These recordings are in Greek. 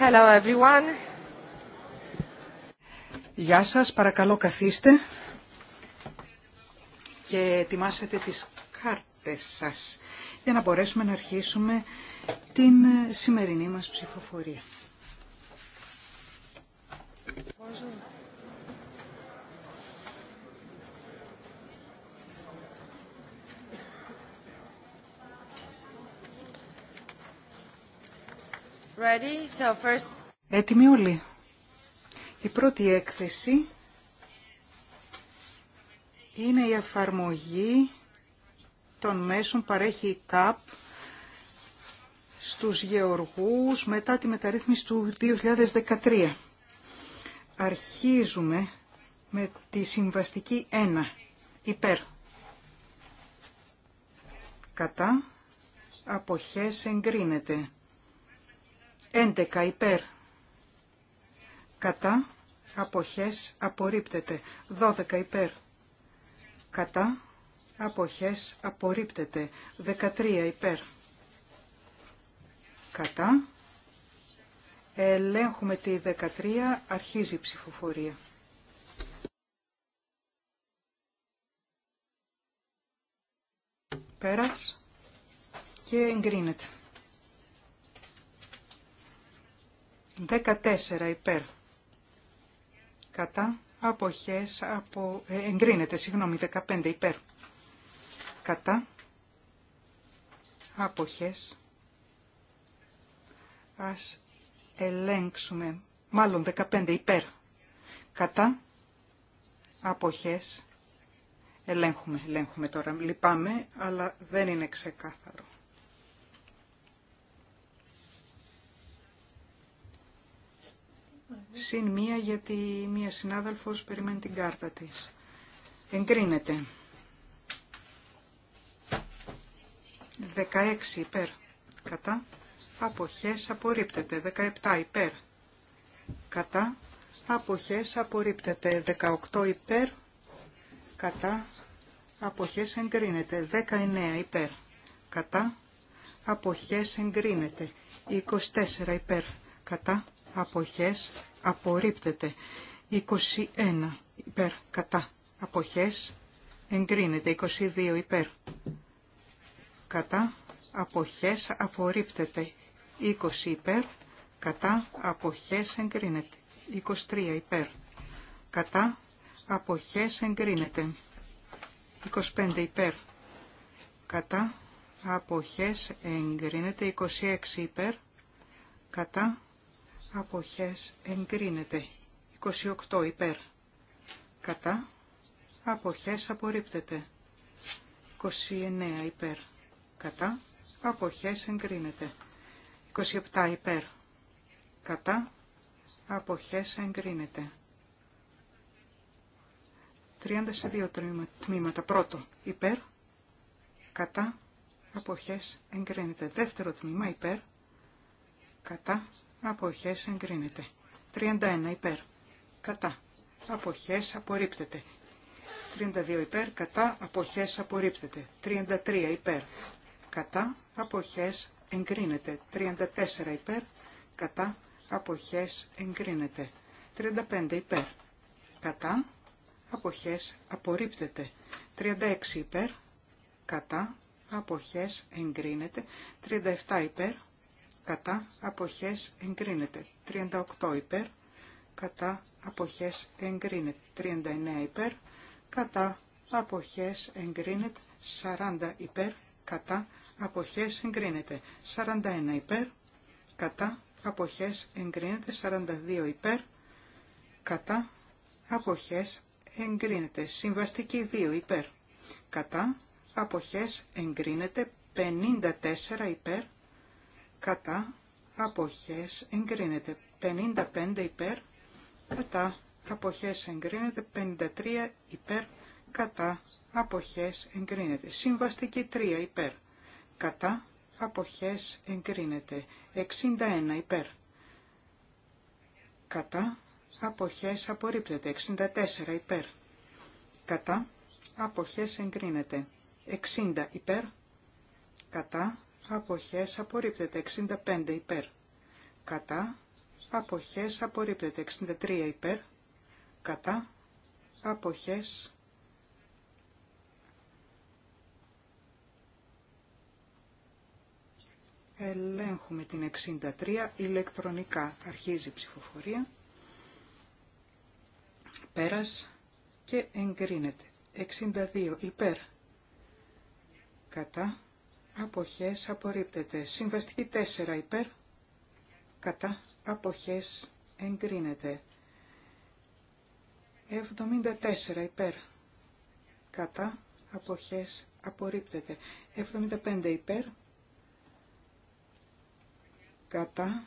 Hello everyone. Γεια σας, παρακαλώ καθίστε και ετοιμάσετε τις κάρτες σας για να μπορέσουμε να αρχίσουμε την σημερινή μας ψηφοφορία. Έτοιμοι όλοι. Η πρώτη έκθεση είναι η εφαρμογή των μέσων παρέχει η ΚΑΠ στους γεωργούς μετά τη μεταρρύθμιση του 2013. Αρχίζουμε με τη συμβαστική 1. Υπέρ. Κατά. Αποχές εγκρίνεται. 11 υπέρ κατά αποχές απορρίπτεται 12 υπέρ κατά αποχές απορρίπτεται 13 υπέρ κατά ελέγχουμε τη 13 αρχίζει η ψηφοφορία πέρας και εγκρίνεται 14 υπέρ. Κατά αποχές απο... Ε, εγκρίνεται, συγγνώμη, 15 υπέρ. Κατά αποχές ας ελέγξουμε, μάλλον 15 υπέρ. Κατά αποχές ελέγχουμε, ελέγχουμε τώρα. Λυπάμαι, αλλά δεν είναι ξεκάθαρο. Συν μία γιατί μία συνάδελφος περιμένει την κάρτα της. Εγκρίνεται. 16 υπέρ. Κατά. Αποχές απορρίπτεται. 17 υπέρ. Κατά. Αποχές απορρίπτεται. 18 υπέρ. Κατά. Αποχές εγκρίνεται. 19 υπέρ. Κατά. Αποχές εγκρίνεται. 24 υπέρ. Κατά αποχές απορρίπτεται. 21 υπέρ κατά αποχές εγκρίνεται. 22 υπέρ κατά αποχές απορρίπτεται. 20 υπέρ κατά αποχές εγκρίνεται. 23 υπέρ κατά αποχές εγκρίνεται. 25 υπέρ κατά αποχές εγκρίνεται. 26 υπέρ κατά αποχές εγκρίνεται. 28 υπέρ. Κατά. Αποχές απορρίπτεται. 29 υπέρ. Κατά. Αποχές εγκρίνεται. 27 υπέρ. Κατά. Αποχές εγκρίνεται. 32 τμήματα. Πρώτο υπέρ. Κατά. Αποχές εγκρίνεται. Δεύτερο τμήμα υπέρ. Κατά αποχές εγκρίνεται. 31 υπέρ, κατά, αποχές απορρίπτεται. 32 υπέρ, κατά, αποχές απορρίπτεται. 33 υπέρ, κατά, αποχές εγκρίνεται. 34 υπέρ, κατά, αποχές εγκρίνεται. 35 υπέρ, κατά, αποχές απορρίπτεται. 36 υπέρ, κατά, αποχές εγκρίνεται. 37 υπέρ, κατά αποχές εγκρίνεται. 38 υπέρ κατά αποχές εγκρίνεται. 39 υπέρ κατά αποχές εγκρίνεται. 40 υπέρ κατά αποχές εγκρίνεται. 41 υπέρ κατά αποχές εγκρίνεται. 42 υπέρ κατά αποχές εγκρίνεται. Συμβαστική 2 υπέρ κατά αποχές εγκρίνεται. 54 υπέρ κατά αποχές εγκρίνεται 55 υπέρ κατά αποχές εγκρίνεται 53 υπέρ κατά αποχές εγκρίνεται συμβαστική 3 υπέρ κατά αποχές εγκρίνεται 61 υπέρ κατά αποχές απορρίπτεται 64 υπέρ κατά αποχές εγκρίνεται 60 υπέρ κατά αποχές απορρίπτεται 65 υπέρ. Κατά, αποχές απορρίπτεται 63 υπέρ. Κατά, αποχές Ελέγχουμε την 63 ηλεκτρονικά. Αρχίζει η ψηφοφορία. Πέρας και εγκρίνεται. 62 υπέρ. Κατά αποχές απορρίπτεται. Συμβαστική 4 υπέρ, κατά, αποχές εγκρίνεται. 74 υπέρ, κατά, αποχές απορρίπτεται. 75 υπέρ, κατά,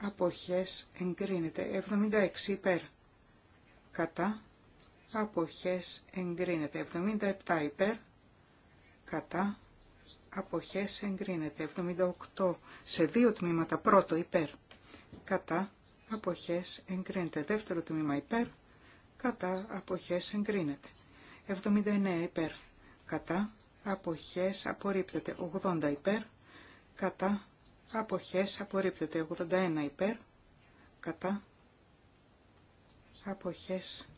αποχές εγκρίνεται. 76 υπέρ, κατά, αποχές εγκρίνεται. 77 υπέρ, κατά, αποχές εγκρίνεται. 78 σε δύο τμήματα. Πρώτο υπέρ. Κατά αποχές εγκρίνεται. Δεύτερο τμήμα υπέρ. Κατά αποχές εγκρίνεται. 79 υπέρ. Κατά αποχές απορρίπτεται. 80 υπέρ. Κατά αποχές απορρίπτεται. 81 υπέρ. Κατά αποχές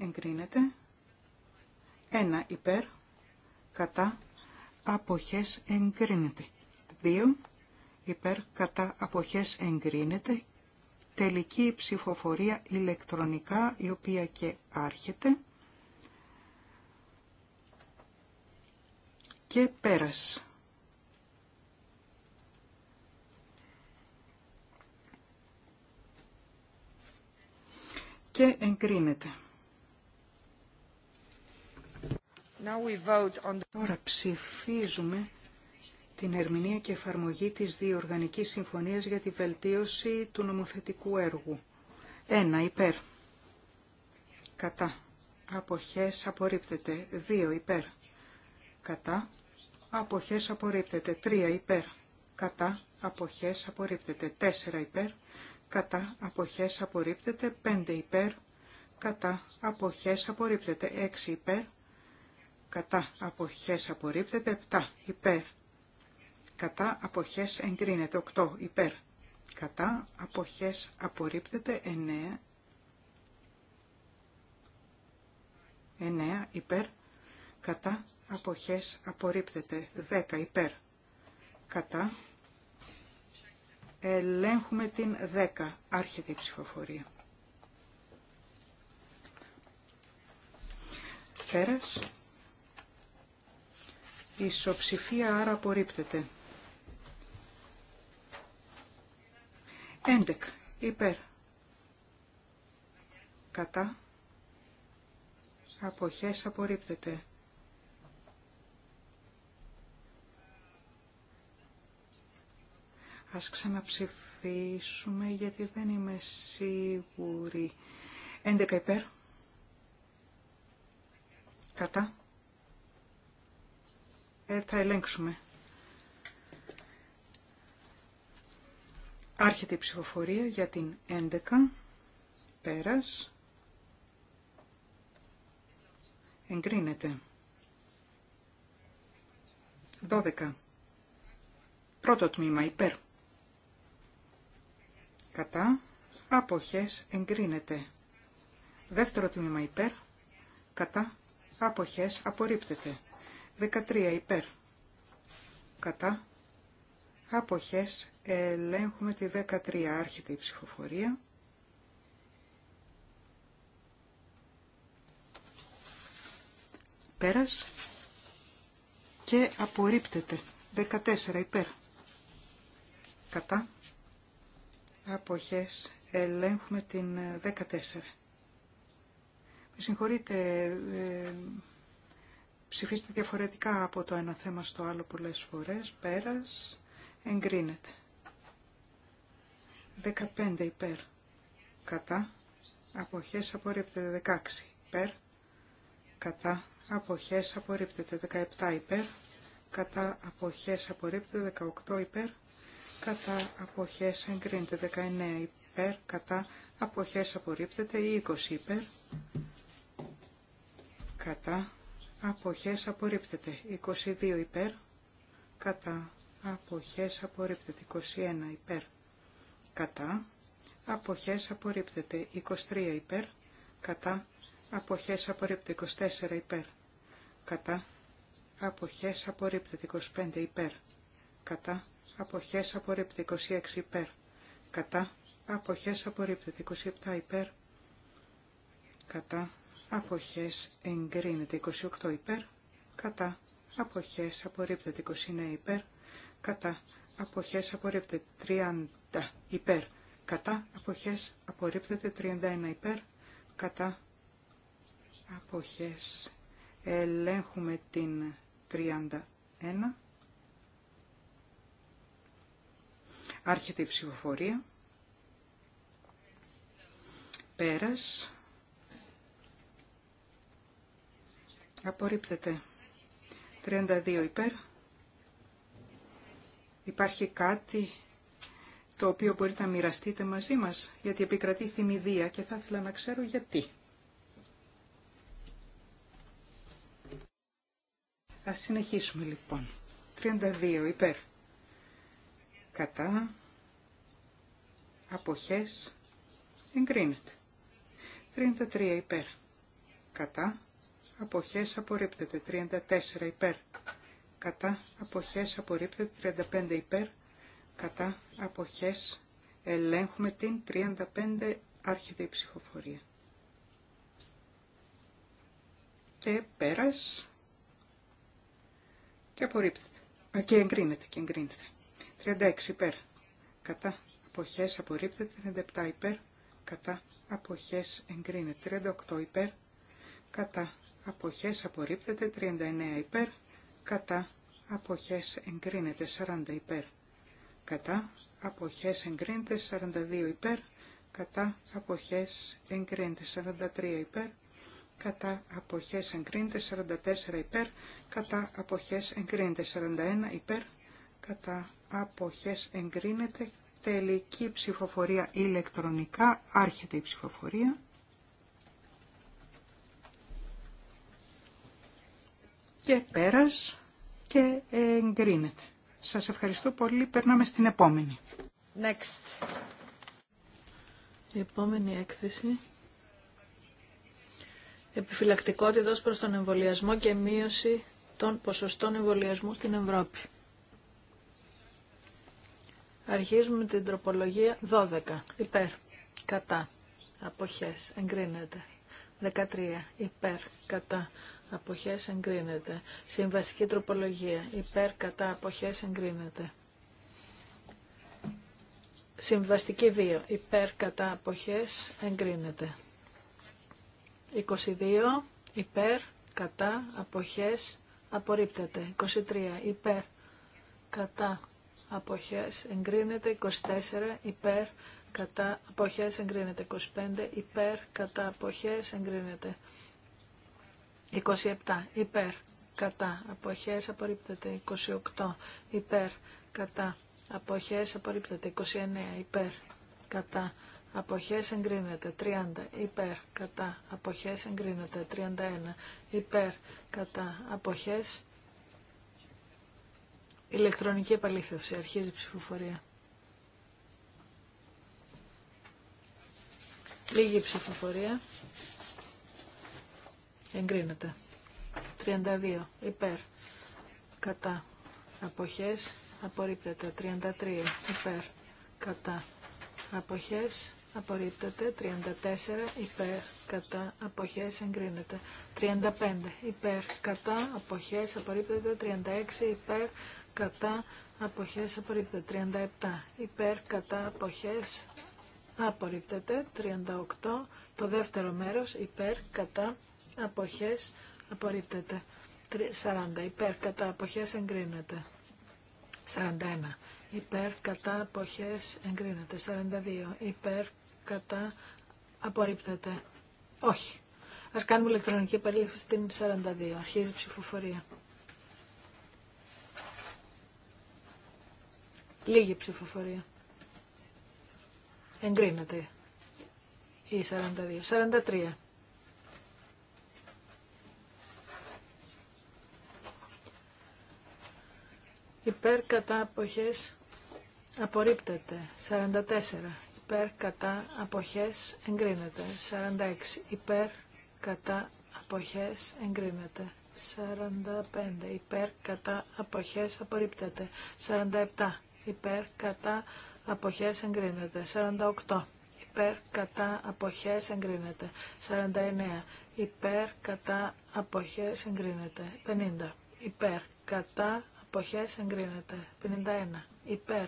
εγκρίνεται. 1 υπέρ. Κατά αποχές εγκρίνεται. 2 υπέρ κατά αποχές εγκρίνεται. Τελική ψηφοφορία ηλεκτρονικά η οποία και άρχεται. Και πέρας. Και εγκρίνεται. Τώρα ψηφίζουμε την ερμηνεία και εφαρμογή της Διοργανικής Συμφωνίας για τη βελτίωση του νομοθετικού έργου. Ένα Υπέρ. Κατά. Αποχές απορρίπτεται. 2. Υπέρ. Κατά. Αποχές απορρίπτεται. Τρία Υπέρ. Κατά. Αποχές απορρίπτεται. Τέσσερα Υπέρ. Κατά. Αποχές απορρίπτεται. Πέντε Υπέρ. Κατά. Αποχές απορρίπτεται. Έξι Υπέρ κατά αποχές απορρίπτεται 7 υπέρ κατά αποχές εγκρίνεται 8 υπέρ κατά αποχές απορρίπτεται 9 9 υπέρ κατά αποχές απορρίπτεται 10 υπέρ κατά ελέγχουμε την 10 άρχεται η ψηφοφορία πέρας Ισοψηφία, άρα απορρίπτεται. 11. Υπέρ. Κατά. Αποχές απορρίπτεται. Ας ξαναψηφίσουμε γιατί δεν είμαι σίγουρη. 11 υπέρ. Κατά. Ε, θα ελέγξουμε. Άρχεται η ψηφοφορία για την 11. Πέρας. Εγκρίνεται. 12. Πρώτο τμήμα υπέρ. Κατά. Αποχές εγκρίνεται. Δεύτερο τμήμα υπέρ. Κατά. Αποχές απορρίπτεται. 13 υπέρ. Κατά. Αποχές. Ελέγχουμε τη 13. Άρχεται η ψηφοφορία. Πέρας. Και απορρίπτεται. 14 υπέρ. Κατά. Αποχές. Ελέγχουμε την 14. Ε, Με συγχωρείτε, ε, ψηφίστε διαφορετικά από το ένα θέμα στο άλλο πολλές φορές, πέρας, εγκρίνεται. 15 υπέρ, κατά, αποχές απορρίπτεται 16 υπέρ, κατά, αποχές απορρίπτεται 17 υπέρ, κατά, αποχές απορρίπτεται 18 υπέρ, κατά, αποχές εγκρίνεται 19 υπέρ, κατά, αποχές απορρίπτεται 20 υπέρ, κατά, αποχές απορρίπτεται 22 υπέρ κατά αποχές απορρίπτεται 21 υπέρ κατά αποχές απορρίπτεται 23 υπέρ κατά αποχές απορρίπτεται 24 υπέρ κατά αποχές απορρίπτεται 25 υπέρ κατά αποχές απορρίπτεται 26 υπέρ κατά αποχές απορρίπτεται 27 υπέρ κατά αποχές εγκρίνεται 28 υπέρ, κατά αποχές απορρίπτεται 29 υπέρ, κατά αποχές απορρίπτεται 30 υπέρ, κατά αποχές απορρίπτεται 31 υπέρ, κατά αποχές ελέγχουμε την 31 Άρχεται η ψηφοφορία. Πέρας. Απορρίπτεται. 32 υπέρ. Υπάρχει κάτι το οποίο μπορείτε να μοιραστείτε μαζί μας, γιατί επικρατεί θυμηδία και θα ήθελα να ξέρω γιατί. Ας συνεχίσουμε λοιπόν. 32 υπέρ. Κατά. Αποχές. Εγκρίνεται. 33 υπέρ. Κατά αποχές απορρίπτεται 34 υπέρ κατά αποχές απορρίπτεται 35 υπέρ κατά αποχές ελέγχουμε την 35 άρχεται ψυχοφορία. ψηφοφορία και πέρας και απορρίπτεται και εγκρίνεται και εγκρίνεται 36 υπέρ κατά αποχές απορρίπτεται 37 υπέρ κατά αποχές εγκρίνεται 38 υπέρ κατά αποχές απορρίπτεται 39 υπέρ, κατά αποχές εγκρίνεται 40 υπέρ, κατά αποχές εγκρίνεται 42 υπέρ, κατά αποχές εγκρίνεται 43 υπέρ, κατά αποχές εγκρίνεται 44 υπέρ, κατά αποχές εγκρίνεται 41 υπέρ, κατά αποχές εγκρίνεται τελική ψηφοφορία ηλεκτρονικά, άρχεται η ψηφοφορία. και πέρας και εγκρίνεται. Σας ευχαριστώ πολύ. Περνάμε στην επόμενη. Next. Η επόμενη έκθεση. Επιφυλακτικότητα προς τον εμβολιασμό και μείωση των ποσοστών εμβολιασμού στην Ευρώπη. Αρχίζουμε την τροπολογία 12. Υπέρ. Κατά. Αποχές. Εγκρίνεται. 13. Υπέρ. Κατά αποχές εγκρίνεται. Συμβαστική τροπολογία υπέρ κατά αποχές εγκρίνεται. Συμβαστική 2 υπέρ κατά αποχές εγκρίνεται. 22 υπέρ κατά αποχές απορρίπτεται. 23 υπέρ κατά αποχές εγκρίνεται. 24 υπέρ κατά αποχές εγκρίνεται. 25 υπέρ κατά αποχές εγκρίνεται. 27 υπέρ κατά αποχές απορρίπτεται 28 υπέρ κατά αποχές απορρίπτεται 29 υπέρ κατά αποχές εγκρίνεται 30 υπέρ κατά αποχές εγκρίνεται 31 υπέρ κατά αποχές ηλεκτρονική επαλήθευση αρχίζει ψηφοφορία λίγη ψηφοφορία Εγκρίνεται. 32. Υπέρ. Κατά. Αποχές. Απορρίπτεται. 33. Υπέρ. Κατά. Αποχές. Απορρίπτεται. 34. Υπέρ. Κατά. Αποχές. Εγκρίνεται. 35. Υπέρ. Κατά. Αποχές. Απορρίπτεται. 36. Υπέρ. Κατά. Αποχές. Απορρίπτεται. 37. Υπέρ. Κατά. Αποχές. Απορρίπτεται. 38. Το δεύτερο μέρος. Υπέρ. Κατά αποχές απορρίπτεται. 40 υπέρ κατά αποχές εγκρίνεται. 41 υπέρ κατά αποχές εγκρίνεται. 42 υπέρ κατά απορρίπτεται. Όχι. Ας κάνουμε ηλεκτρονική επαλήθευση στην 42. Αρχίζει η ψηφοφορία. Λίγη ψηφοφορία. Εγκρίνεται η 42. 43. υπέρ κατά αποχές απορρίπτεται. 44 υπέρ κατά αποχές εγκρίνεται. 46 υπέρ κατά αποχές εγκρίνεται. 45 υπέρ κατά αποχές απορρίπτεται. 47 υπέρ κατά αποχές εγκρίνεται. 48 υπέρ κατά αποχές εγκρίνεται. 49 υπέρ κατά αποχές εγκρίνεται. 50 υπέρ κατά αποχές εγκρίνεται. 51 υπέρ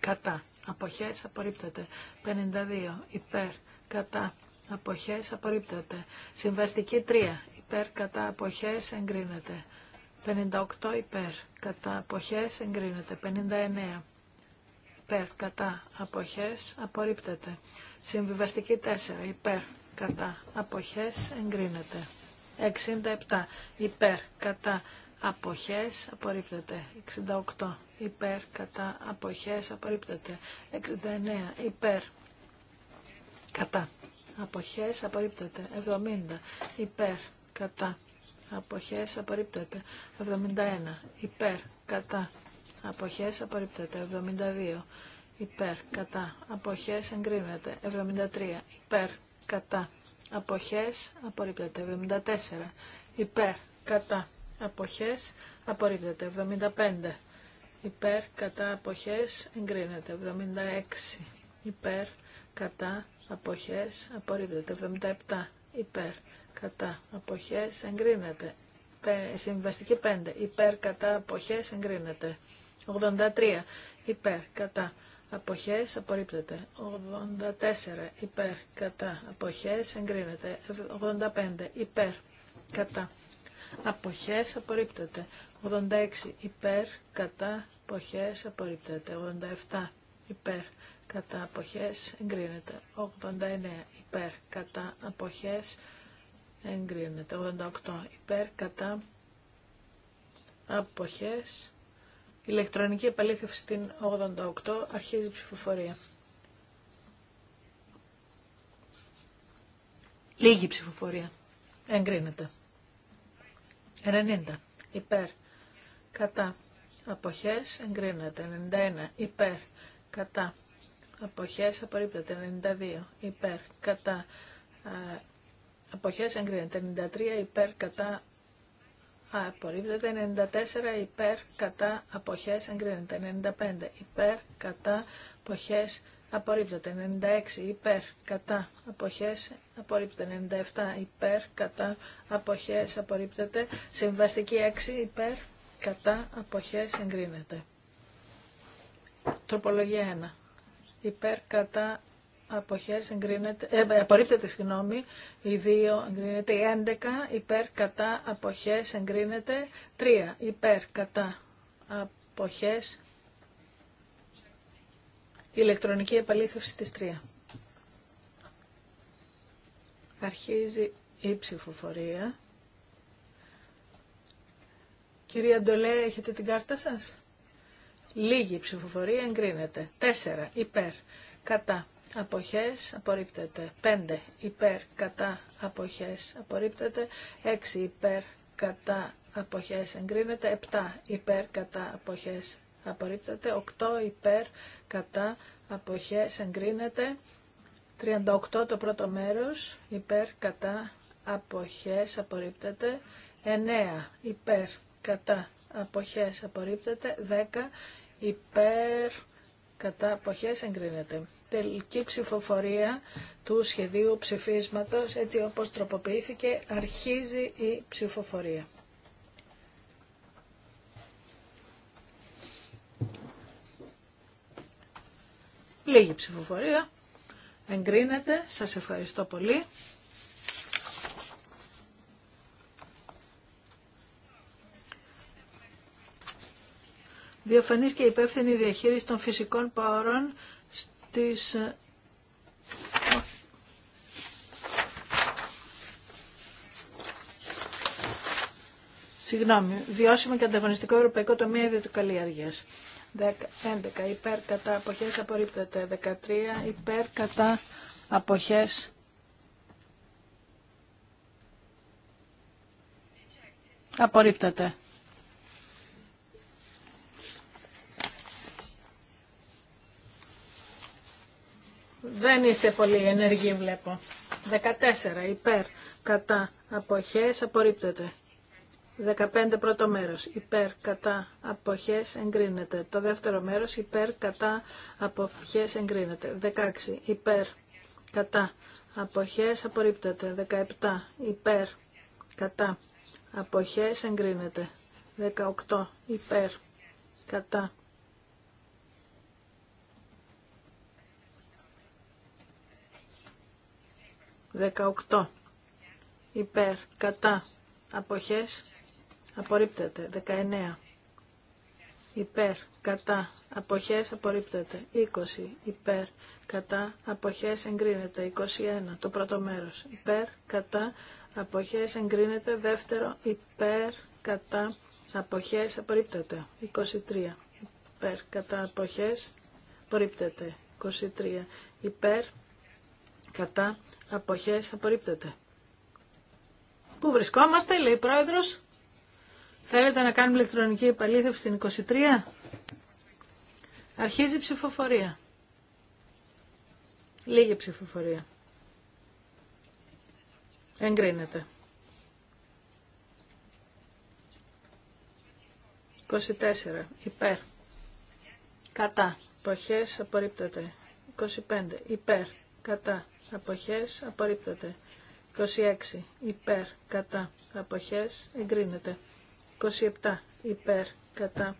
κατά αποχές απορρίπτεται. 52 υπέρ κατά αποχές απορρίπτεται. Συμβαστική 3 υπέρ κατά αποχές εγκρίνεται. 58 υπέρ κατά αποχές εγκρίνεται. 59 υπέρ κατά αποχές απορρίπτεται. Συμβιβαστική 4 υπέρ κατά αποχές εγκρίνεται. 67 υπέρ κατά αποχές απορρίπτεται. 68 υπέρ κατά αποχές απορρίπτεται. 69 υπέρ κατά αποχές απορρίπτεται. 70 υπέρ κατά αποχές απορρίπτεται. 71 υπέρ κατά αποχές απορρίπτεται. 72 υπέρ κατά αποχές εγκρίνεται. 73 υπέρ κατά αποχές απορρίπτεται. 74 υπέρ κατά αποχές απορρίπτεται. 75 υπέρ κατά αποχές εγκρίνεται. 76 υπέρ κατά αποχές απορρίπτεται. 77 υπέρ κατά αποχές εγκρίνεται. Συμβαστική 5 υπέρ κατά αποχές εγκρίνεται. 83 υπέρ κατά αποχές απορρίπτεται. 84 υπέρ κατά αποχές εγκρίνεται. 85 υπέρ κατά αποχές απορρίπτεται. 86 υπέρ κατά αποχές απορρίπτεται. 87 υπέρ κατά αποχές εγκρίνεται. 89 υπέρ κατά αποχές εγκρίνεται. 88 υπέρ κατά αποχές. Ηλεκτρονική επαλήθευση στην 88 αρχίζει ψηφοφορία. Λίγη ψηφοφορία. Εγκρίνεται. 90 υπέρ κατά αποχές εγκρίνεται. 91 υπέρ κατά αποχές απορρίπτεται. 92 υπέρ κατά αποχές εγκρίνεται. 93 υπέρ κατά απορρίπτεται. 94 υπέρ κατά αποχές εγκρίνεται. 95 υπέρ κατά αποχές εγκρίνεται απορρίπτεται. 96 υπέρ κατά αποχές απορρίπτεται. 97 υπέρ κατά αποχές απορρίπτεται. Συμβαστική 6 υπέρ κατά αποχές εγκρίνεται. Τροπολογία 1. Υπέρ κατά αποχές εγκρίνεται, ε, απορρίπτεται συγγνώμη, η 2 εγκρίνεται, η 11 υπέρ κατά αποχές εγκρίνεται, 3 υπέρ κατά αποχές ηλεκτρονική επαλήθευση της 3. Αρχίζει η ψηφοφορία. Κυρία Ντολέ, έχετε την κάρτα σας. Λίγη ψηφοφορία εγκρίνεται. 4. Υπέρ. Κατά. Αποχές απορρίπτεται. 5. Υπέρ. Κατά. Αποχές απορρίπτεται. 6. Υπέρ. Κατά. Αποχές εγκρίνεται. 7. Υπέρ. Κατά. Αποχές απορρίπτεται, 8 υπέρ κατά αποχές εγκρίνεται, 38 το πρώτο μέρος υπέρ κατά αποχές απορρίπτεται, 9 υπέρ κατά αποχές απορρίπτεται, 10 υπέρ κατά αποχές εγκρίνεται. Τελική ψηφοφορία του σχεδίου ψηφίσματος, έτσι όπως τροποποιήθηκε, αρχίζει η ψηφοφορία. Λίγη ψηφοφορία. Εγκρίνεται. Σας ευχαριστώ πολύ. Διαφανής και υπεύθυνη διαχείριση των φυσικών πόρων στις Συγγνώμη, βιώσιμο και ανταγωνιστικό ευρωπαϊκό τομέα ιδιωτικού 11 υπέρ κατά αποχές απορρίπτεται. 13 υπέρ κατά αποχές απορρίπτεται. Δεν είστε πολύ ενεργοί βλέπω. 14 υπέρ κατά αποχές απορρίπτεται. 15 πρώτο μέρος υπέρ κατά αποχές εγκρίνεται. Το δεύτερο μέρος υπέρ κατά αποχές εγκρίνεται. 16 υπέρ κατά αποχές απορρίπτεται. 17 υπέρ κατά αποχές εγκρίνεται. 18 υπέρ κατά Δεκαοκτώ. Υπέρ, κατά, αποχές, απορρίπτεται. 19 υπέρ, κατά, αποχές απορρίπτεται. 20 υπέρ, κατά, αποχές εγκρίνεται. 21 το πρώτο μέρος υπέρ, κατά, αποχές εγκρίνεται. Δεύτερο υπέρ, κατά, αποχές απορρίπτεται. 23 υπέρ, κατά, αποχές απορρίπτεται. 23 υπέρ, κατά, αποχές απορρίπτεται. Πού βρισκόμαστε, λέει η πρόεδρος. Θέλετε να κάνουμε ηλεκτρονική επαλήθευση στην 23. Αρχίζει η ψηφοφορία. Λίγη ψηφοφορία. Εγκρίνεται. 24. Υπέρ. Κατά. Αποχές απορρίπτεται. 25. Υπέρ. Κατά. Αποχές απορρίπτεται. 26. Υπέρ. Κατά. Αποχές εγκρίνεται. 27 υπέρ κατά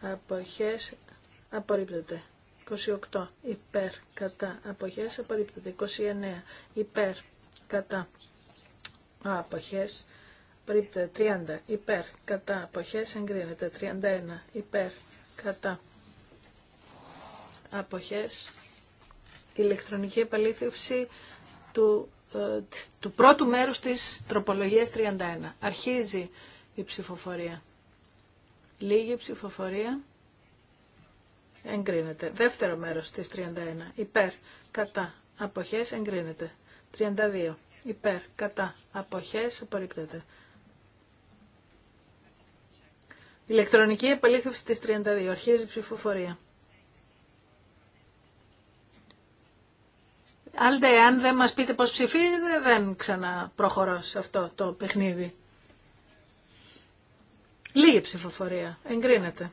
αποχές απορρίπτεται. 28 υπέρ κατά αποχές απορρίπτεται. 29 υπέρ κατά αποχές απορρίπτεται. 30 υπέρ κατά αποχές εγκρίνεται. 31 υπέρ κατά αποχές ηλεκτρονική επαλήθευση του, ε, του πρώτου μέρους της τροπολογίας 31. Αρχίζει η ψηφοφορία. Λίγη ψηφοφορία. Εγκρίνεται. Δεύτερο μέρος της 31. Υπέρ. Κατά. Αποχές. Εγκρίνεται. 32. Υπέρ. Κατά. Αποχές. Απορρίπτεται. Ηλεκτρονική επαλήθευση της 32. Αρχίζει η ψηφοφορία. αν δεν μας πείτε πώς ψηφίζετε, δεν ξαναπροχωρώ σε αυτό το παιχνίδι. Λίγη ψηφοφορία. Εγκρίνεται.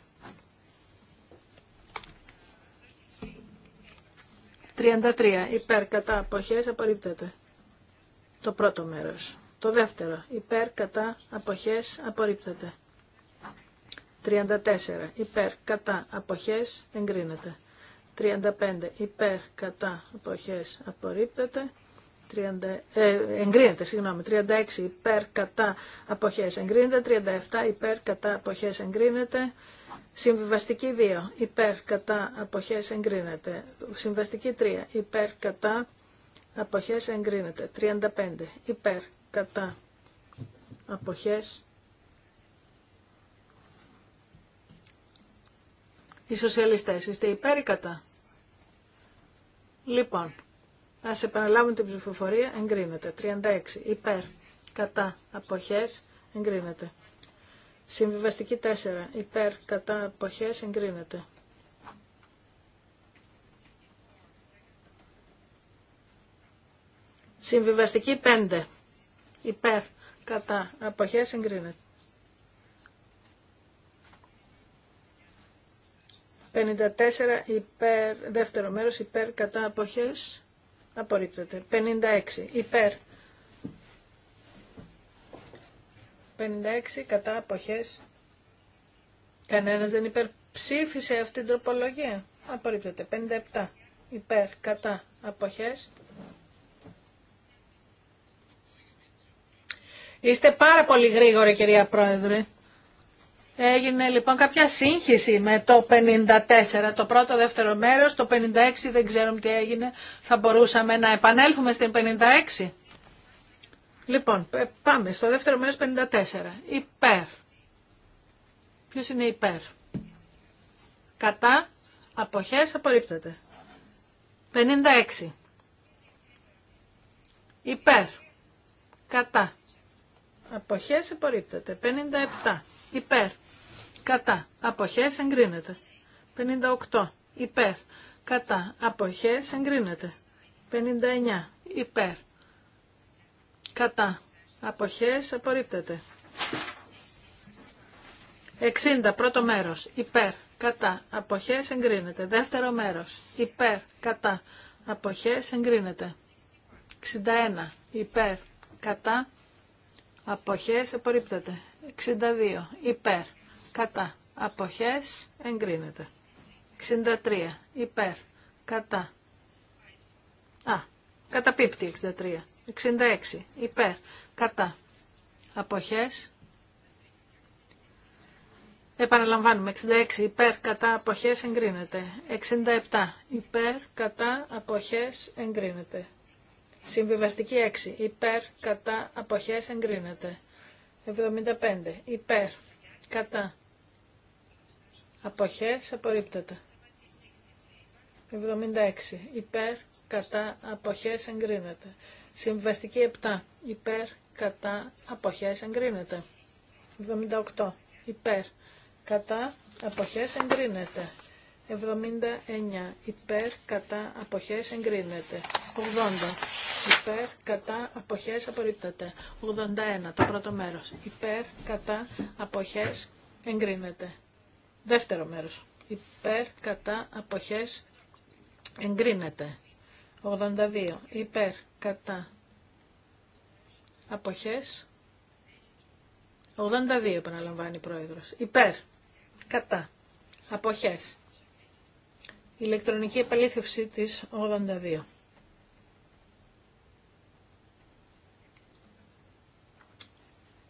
33. Υπέρ κατά αποχές απορρίπτεται. Το πρώτο μέρος. Το δεύτερο. Υπέρ κατά αποχές απορρίπτεται. 34. Υπέρ κατά αποχές εγκρίνεται. 35. Υπέρ κατά αποχές απορρίπτεται. 30, ε, εγκρίνεται, συγγνώμη, 36 υπέρ κατά αποχές εγκρίνεται, 37 υπέρ κατά αποχές εγκρίνεται, συμβιβαστική 2 υπέρ κατά αποχές εγκρίνεται, συμβαστική 3 υπέρ κατά αποχές εγκρίνεται, 35 υπέρ κατά αποχές Οι σοσιαλιστές είστε υπέρ ή κατά. Λοιπόν, Α επαναλάβουμε την ψηφοφορία. Εγκρίνεται. 36. Υπέρ. Κατά. Αποχές. Εγκρίνεται. Συμβιβαστική 4. Υπέρ. Κατά. Αποχές. Εγκρίνεται. Συμβιβαστική 5. Υπέρ. Κατά. απόχέ Εγκρίνεται. 54 υπέρ, δεύτερο μέρος υπέρ κατά αποχές Απορρίπτεται. 56. Υπέρ. 56 κατά αποχές. Κανένας δεν υπερψήφισε αυτή την τροπολογία. Απορρίπτεται. 57. Υπέρ. Κατά αποχές. Είστε πάρα πολύ γρήγοροι κυρία Πρόεδρε. Έγινε λοιπόν κάποια σύγχυση με το 54, το πρώτο δεύτερο μέρος, το 56 δεν ξέρουμε τι έγινε, θα μπορούσαμε να επανέλθουμε στην 56. Λοιπόν, ε, πάμε στο δεύτερο μέρος 54. Υπέρ. Ποιος είναι υπέρ. Κατά, αποχές, απορρίπτεται. 56. Υπέρ. Κατά. Αποχές απορρίπτεται. 57. Υπέρ κατά, αποχές εγκρίνεται. 58. Υπέρ, κατά, αποχές εγκρίνεται. 59. Υπέρ, κατά, αποχές απορρίπτεται. 60. Πρώτο μέρος. Υπέρ, κατά, αποχές εγκρίνεται. Δεύτερο μέρος. Υπέρ, κατά, αποχές εγκρίνεται. 61. Υπέρ, κατά, αποχές απορρίπτεται. 62. Υπέρ, κατά, αποχές, εγκρίνεται. 63, υπέρ, κατά. Α, καταπίπτει 63. 66, υπέρ, κατά, αποχές. Επαναλαμβάνουμε, 66, υπέρ, κατά, αποχές, εγκρίνεται. 67, υπέρ, κατά, αποχές, εγκρίνεται. Συμβιβαστική 6, υπέρ, κατά, αποχές, εγκρίνεται. 75, υπέρ, κατά, αποχές απορρίπτεται. 76 υπέρ κατά αποχές εγκρίνεται. Συμβαστική 7 υπέρ κατά αποχές εγκρίνεται. 78 υπέρ κατά αποχές εγκρίνεται. 79 υπέρ κατά αποχές εγκρίνεται. 80 υπέρ κατά αποχές απορρίπτεται. 81 το πρώτο μέρος υπέρ κατά αποχές εγκρίνεται. Δεύτερο μέρος. Υπέρ, κατά, αποχές, εγκρίνεται. 82. Υπέρ, κατά, αποχές. 82 επαναλαμβάνει η πρόεδρος. Υπέρ, κατά, αποχές. Ηλεκτρονική επαλήθευση της 82.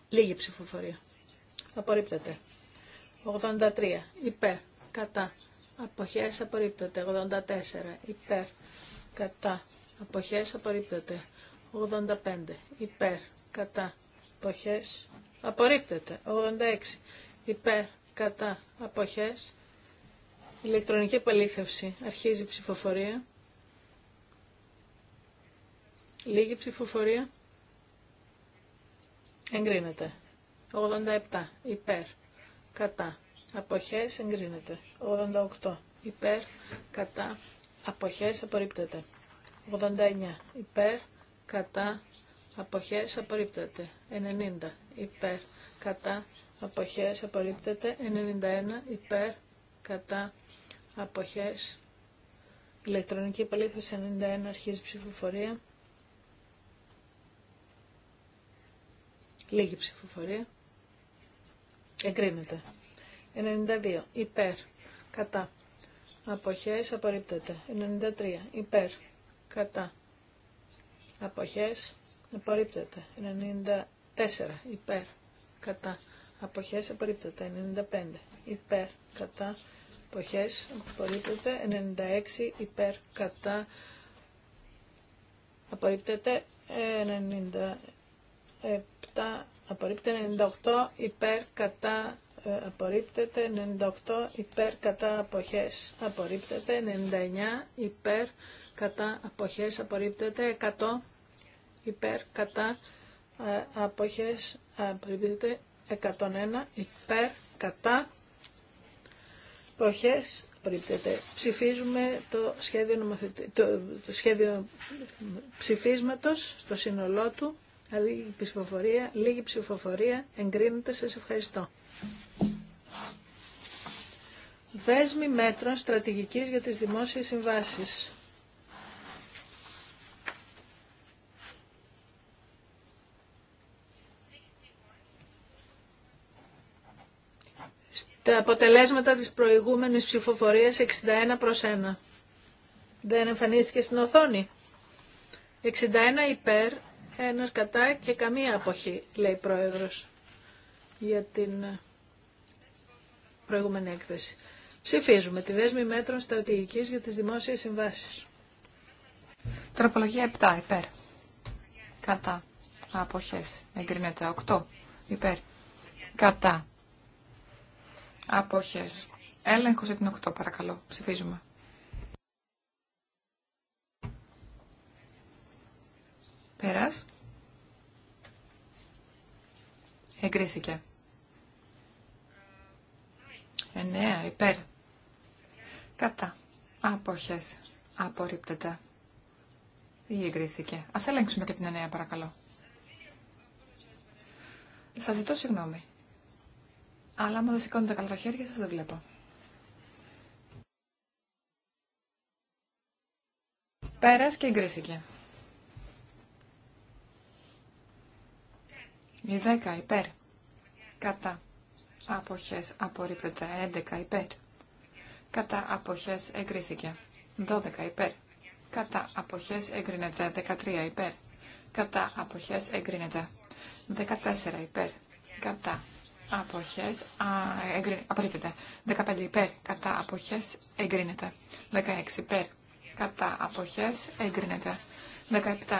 Λίγη ψηφοφορία. Απορρίπτεται. 83 υπέρ κατά αποχές απορρίπτεται 84 υπέρ κατά αποχές απορρίπτεται 85 υπέρ κατά αποχές απορρίπτεται 86 υπέρ κατά αποχές ηλεκτρονική επαλήθευση αρχίζει η ψηφοφορία λίγη ψηφοφορία εγκρίνεται 87 υπέρ κατά, απόχέ εγκρίνεται. 88 υπέρ, κατά, Αποχέ απορρίπτεται. 89 υπέρ, κατά, Αποχέ απορρίπτεται. 90 υπέρ, κατά, Αποχέ απορρίπτεται. 91 υπέρ, κατά, απόχέ. Ηλεκτρονική επαλήθευση 91 αρχίζει ψηφοφορία. Λίγη ψηφοφορία. Εγκρίνεται. 92. Υπέρ. Κατά. Αποχές απορρίπτεται. 93. Υπέρ. Κατά. Αποχές απορρίπτεται. 94. Υπέρ. Κατά. Αποχές απορρίπτεται. 95. Υπέρ. Κατά. Αποχές απορρίπτεται. 96. Υπέρ. Κατά. Απορρίπτεται. 97 απορρίπτεται 98 υπέρ κατά ε, απορρίπτεται 98 υπέρ κατά αποχές απορρίπτεται 99 υπέρ κατά αποχές απορρίπτεται 100 υπέρ κατά ε, αποχές απορρίπτεται 101 υπέρ κατά αποχές απορρίπτεται. Ψηφίζουμε το σχέδιο, νομοθετη... το... σχέδιο ψηφίσματος στο σύνολό του Λίγη ψηφοφορία, λίγη ψηφοφορία εγκρίνεται. Σας ευχαριστώ. Δέσμη μέτρων στρατηγικής για τις δημόσιες συμβάσεις. Τα αποτελέσματα της προηγούμενης ψηφοφορίας 61 προς 1. Δεν εμφανίστηκε στην οθόνη. 61 υπέρ, ένας κατά και καμία αποχή, λέει πρόεδρος, για την ε, προηγούμενη έκθεση. Ψηφίζουμε τη δέσμη μέτρων στρατηγικής για τις δημόσιες συμβάσεις. Τροπολογία 7, υπέρ. Κατά. Αποχές. Εγκρίνεται. 8, υπέρ. Κατά. Αποχές. Έλεγχος για την 8, παρακαλώ. Ψηφίζουμε. Πέρας. Εγκρίθηκε. Εννέα. υπέρ. Κατά. Απόχες. Απορρίπτεται. Ή εγκρίθηκε. Ας ελέγξουμε και την εννέα, παρακαλώ. Σας ζητώ συγγνώμη. Αλλά άμα δεν σηκώνετε καλά τα χέρια σας δεν βλέπω. Πέρας και εγκρίθηκε. 10 υπέρ. Κατά. Αποχές απορρίπτεται. 11 υπέρ. Κατά αποχές εγκρίθηκε. 12 υπέρ. Κατά αποχές εγκρίνεται. 13 υπέρ. Κατά αποχές εγκρίνεται. 14 υπέρ. Κατά αποχές α, απορρίπτεται. 15 υπέρ. Κατά αποχές εγκρίνεται. 16 υπέρ. Κατά αποχές εγκρίνεται. 17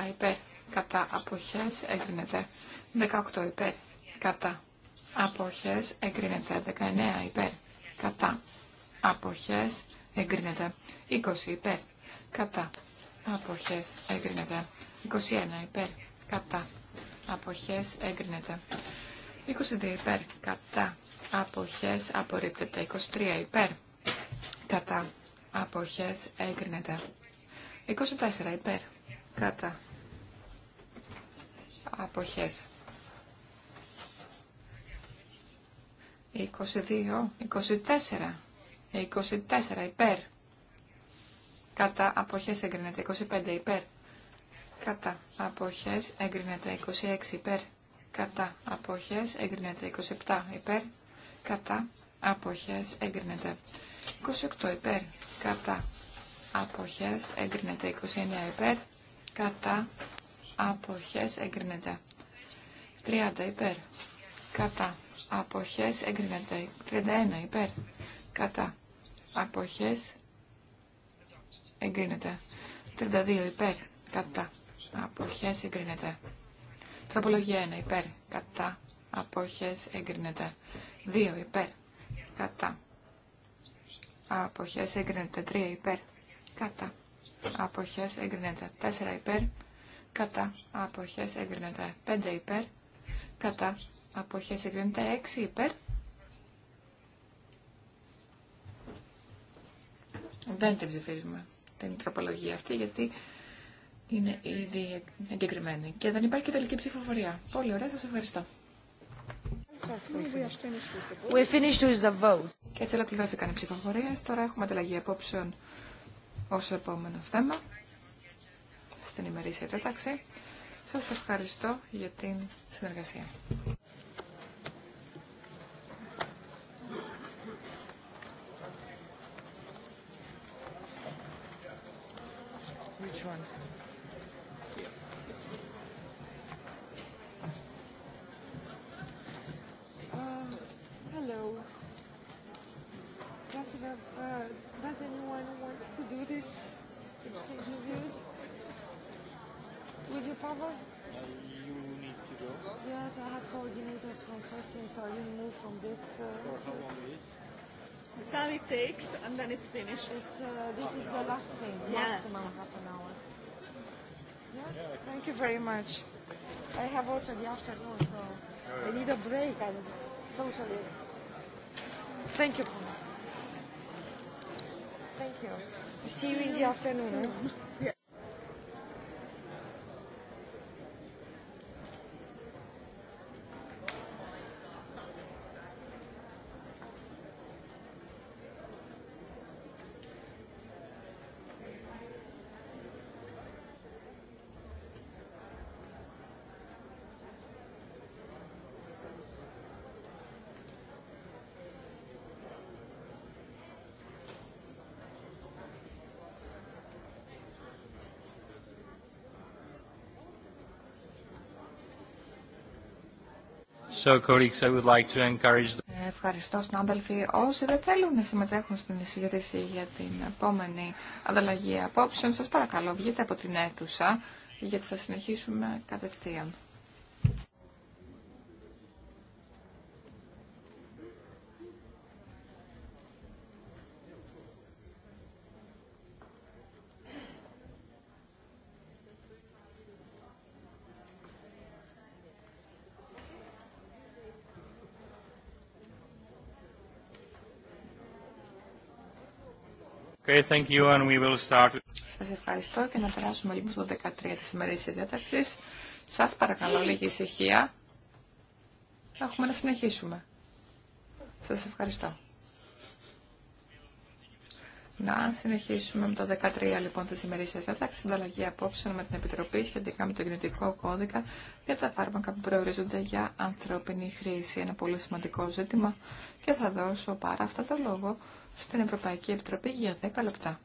υπέρ κατά αποχές εγκρίνεται. 18 υπέρ κατά αποχές εγκρίνεται. 19 υπέρ κατά αποχές εγκρίνεται. 20 υπέρ κατά αποχές εγκρίνεται. 21 υπέρ κατά αποχές εγκρίνεται. 22 υπέρ κατά αποχές απορρίπτεται. 23 υπέρ κατά αποχές εγκρίνεται. 24 υπέρ κατά αποχές. 22, 24, 24 υπέρ. Κατά αποχές εγκρίνεται 25 υπέρ. Κατά αποχές εγκρίνεται 26 υπέρ. Κατά αποχές εγκρίνεται 27 υπέρ. Κατά αποχές εγκρίνεται 28 υπέρ. Κατά αποχές εγκρίνεται 29 υπέρ. Κατά αποχές εγκρίνεται. 30 υπέρ, κατά, αποχές εγκρίνεται. 31 υπέρ, κατά, αποχές εγκρίνεται. 32 υπέρ, κατά, αποχές εγκρίνεται. Τροπολογία 1 υπέρ, κατά, αποχές εγκρίνεται. 2 υπέρ, κατά, αποχές εγκρίνεται. 3 υπέρ, κατά, αποχές εγκρίνεται. 4 υπέρ, κατά αποχές εγκρίνεται 5 υπέρ, κατά αποχές εγκρίνεται 6 υπέρ. Δεν την ψηφίζουμε την τροπολογία αυτή γιατί είναι ήδη εγκεκριμένη. Και δεν υπάρχει και τελική ψηφοφορία. Πολύ ωραία, σας ευχαριστώ. We finished with the vote. Και έτσι ολοκληρώθηκαν οι ψηφοφορίες. Τώρα έχουμε ανταλλαγή απόψεων ως επόμενο θέμα στην ημερήσια τέταξη. Σας ευχαριστώ για την συνεργασία. this. uh The time it takes, and then it's finished. It's, this is the last thing, maximum half an hour. Yeah? Thank you very much. I have also the afternoon, so I need a break. I'm totally. Thank you. Thank you. See you in the afternoon. Yeah. So, colleagues, I would like to encourage... Ευχαριστώ, συνάδελφοι. Όσοι δεν θέλουν να συμμετέχουν στην συζήτηση για την επόμενη ανταλλαγή απόψεων, σας παρακαλώ, βγείτε από την αίθουσα, γιατί θα συνεχίσουμε κατευθείαν. Σας ευχαριστώ και να περάσουμε λίγο λοιπόν στο 13 της της διάταξης. Σας παρακαλώ λίγη ησυχία. Έχουμε να συνεχίσουμε. Σας ευχαριστώ. Να συνεχίσουμε με το 13 λοιπόν τη ημερήσια έταξη. συνταλλαγή απόψεων με την Επιτροπή σχετικά με το γενετικό κώδικα για τα φάρμακα που προορίζονται για ανθρώπινη χρήση. Ένα πολύ σημαντικό ζήτημα και θα δώσω παρά αυτά το λόγο στην Ευρωπαϊκή Επιτροπή για 10 λεπτά.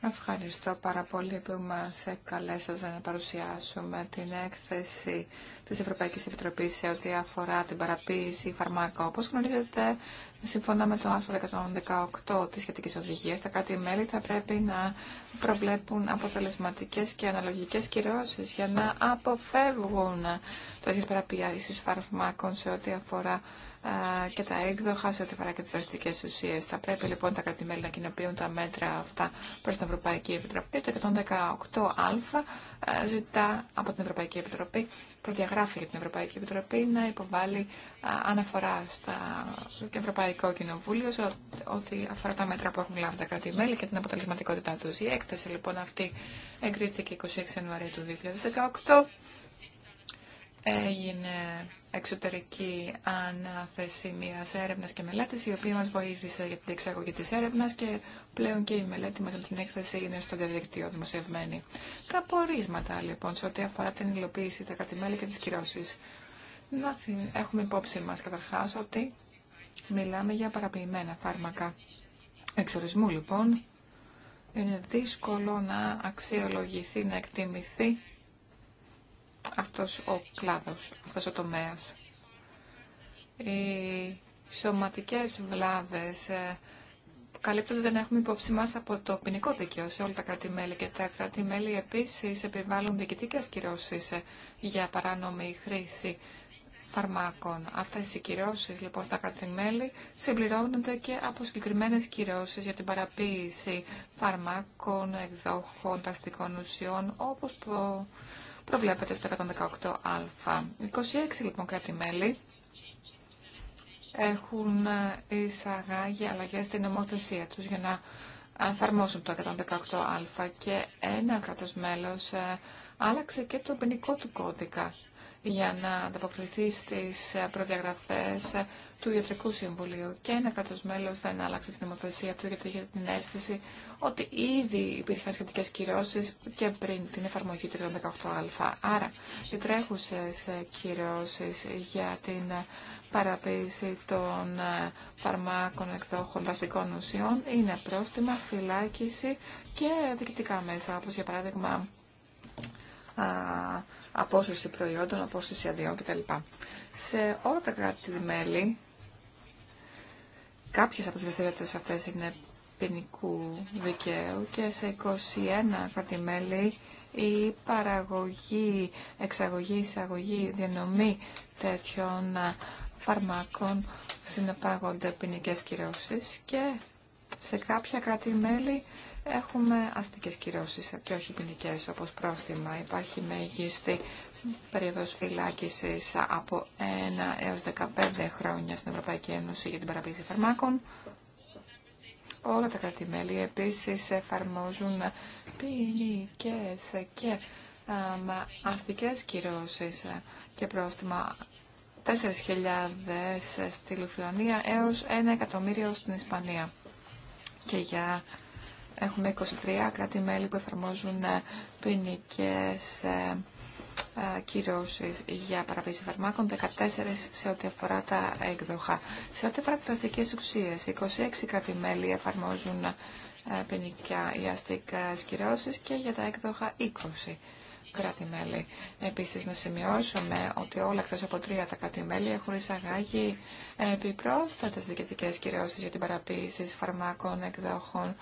Ευχαριστώ πάρα πολύ που μας καλέσατε να παρουσιάσουμε την έκθεση της Ευρωπαϊκής Επιτροπής σε ό,τι αφορά την παραποίηση φαρμάκων. Όπως γνωρίζετε, σύμφωνα με το άρθρο 118 της σχετικής οδηγίας, τα κράτη-μέλη θα πρέπει να προβλέπουν αποτελεσματικές και αναλογικές κυρώσεις για να αποφεύγουν τέτοιες παραποίησεις φαρμάκων σε ό,τι αφορά και τα έκδοχα σε ό,τι αφορά και τι δραστικέ ουσίε. Θα πρέπει λοιπόν τα κρατημέλη να κοινοποιούν τα μέτρα αυτά προ την Ευρωπαϊκή Επιτροπή. Το 118α ε, ζητά από την Ευρωπαϊκή Επιτροπή προδιαγράφει για την Ευρωπαϊκή Επιτροπή να υποβάλει αναφορά στο Ευρωπαϊκό Κοινοβούλιο ότι αφορά τα μέτρα που έχουν λάβει τα κράτη-μέλη και την αποτελεσματικότητά τους. Η έκθεση λοιπόν αυτή εγκρίθηκε 26 Ιανουαρίου του 2018. Έγινε εξωτερική ανάθεση μιας έρευνας και μελέτης, η οποία μας βοήθησε για την εξαγωγή της έρευνας και πλέον και η μελέτη μας από την έκθεση είναι στο διαδικτύο δημοσιευμένη. Τα απορίσματα λοιπόν σε ό,τι αφορά την υλοποίηση, τα κατημέλη και τις κυρώσεις. Να έχουμε υπόψη μας καταρχάς ότι μιλάμε για παραποιημένα φάρμακα. Εξορισμού λοιπόν είναι δύσκολο να αξιολογηθεί, να εκτιμηθεί αυτός ο κλάδος, αυτός ο τομέας. Οι σωματικές βλάβες, ε, καλύπτονται να έχουμε υπόψη μα από το ποινικό δίκαιο σε όλα τα κρατη και τα κράτη-μέλη επίση επιβάλλουν διοικητικέ κυρώσει για παράνομη χρήση φαρμάκων. Αυτέ οι κυρώσει λοιπόν στα κράτη-μέλη συμπληρώνονται και από συγκεκριμένε κυρώσει για την παραποίηση φαρμάκων, εκδόχων, ταστικών ουσιών όπω προβλέπεται στο 118α. 26 λοιπόν έχουν εισαγάγει αλλαγέ στην νομοθεσία τους για να εφαρμόσουν το 118α και ένα κράτο μέλος ε, άλλαξε και το ποινικό του κώδικα για να ανταποκριθεί στις ε, προδιαγραφές ε, του Ιατρικού Συμβουλίου και ένα κράτο μέλο δεν άλλαξε την νομοθεσία του γιατί είχε την αίσθηση ότι ήδη υπήρχαν σχετικέ κυρώσει και πριν την εφαρμογή του 18α. Άρα, οι τρέχουσε κυρώσει για την ε, παραποίηση των φαρμάκων εκδόχων δαστικών ουσιών είναι πρόστιμα, φυλάκιση και διοικητικά μέσα, όπω, για παράδειγμα απόσυρση προϊόντων, απόσυρση αδειών κτλ. Σε όλα τα κράτη-μέλη, κάποιε από τι δραστηριότητε αυτέ είναι ποινικού δικαίου και σε 21 κράτη-μέλη η παραγωγή, εξαγωγή, εισαγωγή, διανομή τέτοιων φαρμάκων συνεπάγονται ποινικέ κυρώσει και σε κάποια κράτη-μέλη έχουμε αστικές κυρώσεις και όχι ποινικέ όπως πρόστιμα. Υπάρχει μέγιστη περίοδος φυλάκισης από 1 έως 15 χρόνια στην Ευρωπαϊκή Ένωση για την παραποίηση φαρμάκων. Όλα τα κρατημέλη μελη επίσης εφαρμόζουν ποινικέ και αστικές κυρώσεις και πρόστιμα 4.000 στη Λουθιανία έως 1 εκατομμύριο στην Ισπανία. Και για Έχουμε 23 κράτη-μέλη που εφαρμόζουν ε, ποινικέ ε, ε, κυρώσει για παραβίαση φαρμάκων, 14 σε ό,τι αφορά τα έκδοχα. Σε ό,τι αφορά τι αστικέ ουσίε, 26 κράτη-μέλη εφαρμόζουν ποινικά ή αστικέ κυρώσει και για τα έκδοχα 20 κράτη-μέλη. Επίσης, να σημειώσουμε ότι όλα εκτό από τρία τα κράτη-μέλη έχουν εισαγάγει επιπρόσθετες διοικητικές κυρώσει για την παραποίηση φαρμάκων, εκδοχών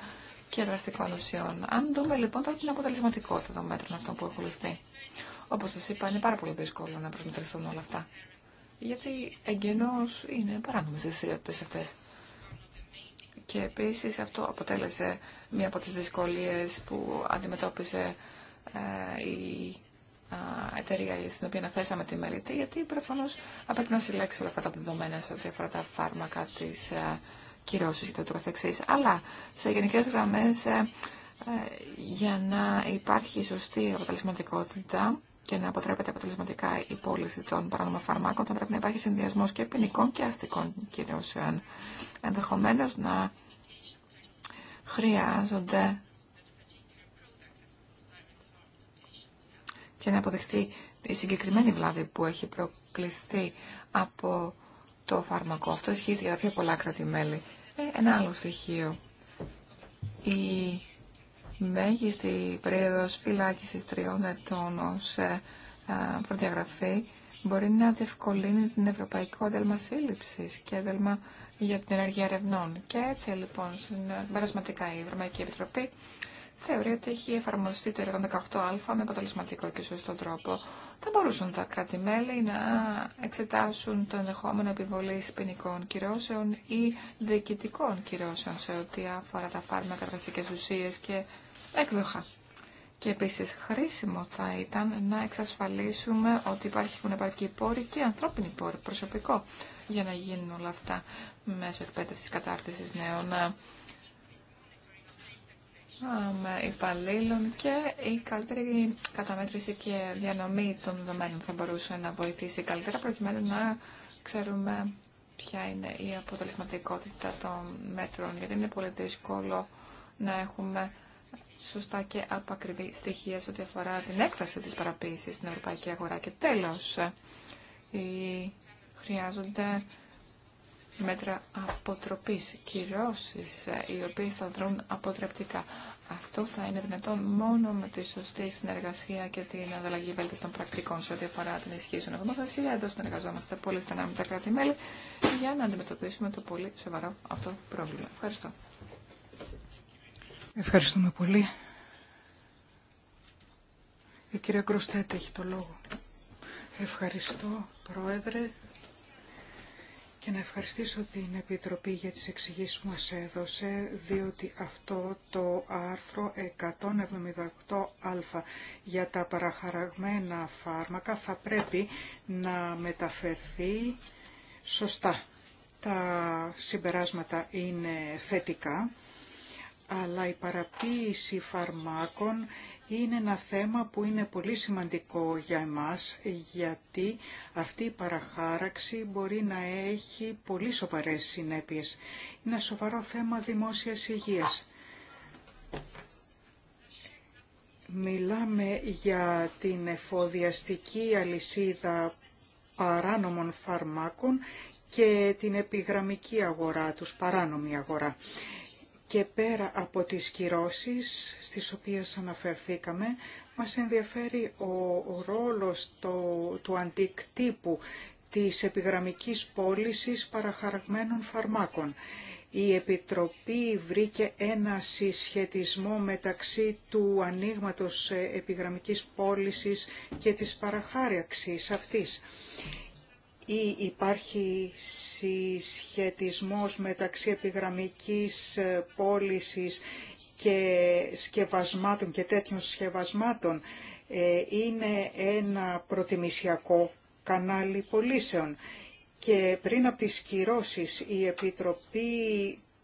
και δραστικών ουσιών. Αν δούμε λοιπόν τώρα την αποτελεσματικότητα των μέτρων αυτών που ακολουθεί. Όπω σα είπα, είναι πάρα πολύ δύσκολο να προσμετρηθούν όλα αυτά. Γιατί εγγενώ είναι παράνομε οι δραστηριότητε αυτέ. Και επίση αυτό αποτέλεσε μία από τι δυσκολίε που αντιμετώπισε ε, η εταιρεία στην οποία αναθέσαμε τη μελίτη γιατί προφανώ πρέπει να συλλέξει όλα αυτά τα δεδομένα σε ό,τι αφορά τα φάρμακα, τη. Ε, και Αλλά σε γενικές γραμμές ε, ε, για να υπάρχει σωστή αποτελεσματικότητα και να αποτρέπεται αποτελεσματικά η πώληση των παρανομαφαρμάκων θα πρέπει να υπάρχει συνδυασμό και ποινικών και αστικών κυρώσεων. Ενδεχομένω να χρειάζονται και να αποδεχθεί η συγκεκριμένη βλάβη που έχει προκληθεί από το φάρμακο. Αυτό ισχύει για τα πιο πολλά κράτη-μέλη. Ε, ένα άλλο στοιχείο. Η μέγιστη περίοδο φυλάκισης τριών ετών ως ε, προδιαγραφή μπορεί να διευκολύνει την ευρωπαϊκό ένταλμα σύλληψη και ένταλμα για την ενέργεια ερευνών. Και έτσι λοιπόν, ε, συμπερασματικά η Ευρωπαϊκή Επιτροπή θεωρεί ότι έχει εφαρμοστεί το έργο α με αποτελεσματικό και σωστό τρόπο. Θα μπορούσαν τα κράτη-μέλη να εξετάσουν το ενδεχόμενο επιβολή ποινικών κυρώσεων ή διοικητικών κυρώσεων σε ό,τι αφορά τα φάρμακα, δραστικέ ουσίε και έκδοχα. Και επίση χρήσιμο θα ήταν να εξασφαλίσουμε ότι υπάρχουν επαρκή πόροι και ανθρώπινη πόροι, προσωπικό, για να γίνουν όλα αυτά μέσω εκπαίδευση κατάρτιση νέων με υπαλλήλων και η καλύτερη καταμέτρηση και διανομή των δεδομένων θα μπορούσε να βοηθήσει καλύτερα προκειμένου να ξέρουμε ποια είναι η αποτελεσματικότητα των μέτρων γιατί είναι πολύ δύσκολο να έχουμε σωστά και απακριβή στοιχεία σε ό,τι αφορά την έκταση της παραποίησης στην ευρωπαϊκή αγορά. Και τέλος, ε, χρειάζονται μέτρα αποτροπής, κυρώσεις ε, οι οποίες θα δρουν αποτρεπτικά. Αυτό θα είναι δυνατόν μόνο με τη σωστή συνεργασία και την ανταλλαγή βέλτιστων των πρακτικών σε ό,τι αφορά την των γνωμοθεσία. Εδώ συνεργαζόμαστε πολύ στενά με τα κράτη-μέλη για να αντιμετωπίσουμε το πολύ σοβαρό αυτό πρόβλημα. Ευχαριστώ. Ευχαριστούμε πολύ. Η κυρία Κροστέτ έχει το λόγο. Ευχαριστώ, Πρόεδρε και να ευχαριστήσω την Επιτροπή για τις εξηγήσεις που μας έδωσε, διότι αυτό το άρθρο 178α για τα παραχαραγμένα φάρμακα θα πρέπει να μεταφερθεί σωστά. Τα συμπεράσματα είναι θετικά, αλλά η παραποίηση φαρμάκων είναι ένα θέμα που είναι πολύ σημαντικό για εμάς γιατί αυτή η παραχάραξη μπορεί να έχει πολύ σοβαρές συνέπειες. Είναι ένα σοβαρό θέμα δημόσιας υγείας. Μιλάμε για την εφοδιαστική αλυσίδα παράνομων φαρμάκων και την επιγραμμική αγορά τους, παράνομη αγορά. Και πέρα από τις κυρώσεις στις οποίες αναφερθήκαμε, μας ενδιαφέρει ο ρόλος το, του αντικτύπου της επιγραμμικής πώλησης παραχαραγμένων φαρμάκων. Η Επιτροπή βρήκε ένα συσχετισμό μεταξύ του ανοίγματο επιγραμμικής πώλησης και της παραχάραξης αυτής ή υπάρχει συσχετισμός μεταξύ επιγραμμικής ε, πώλησης και σκευασμάτων και τέτοιων σκευασμάτων ε, είναι ένα προτιμησιακό κανάλι πωλήσεων. Και πριν από τις κυρώσεις η Επιτροπή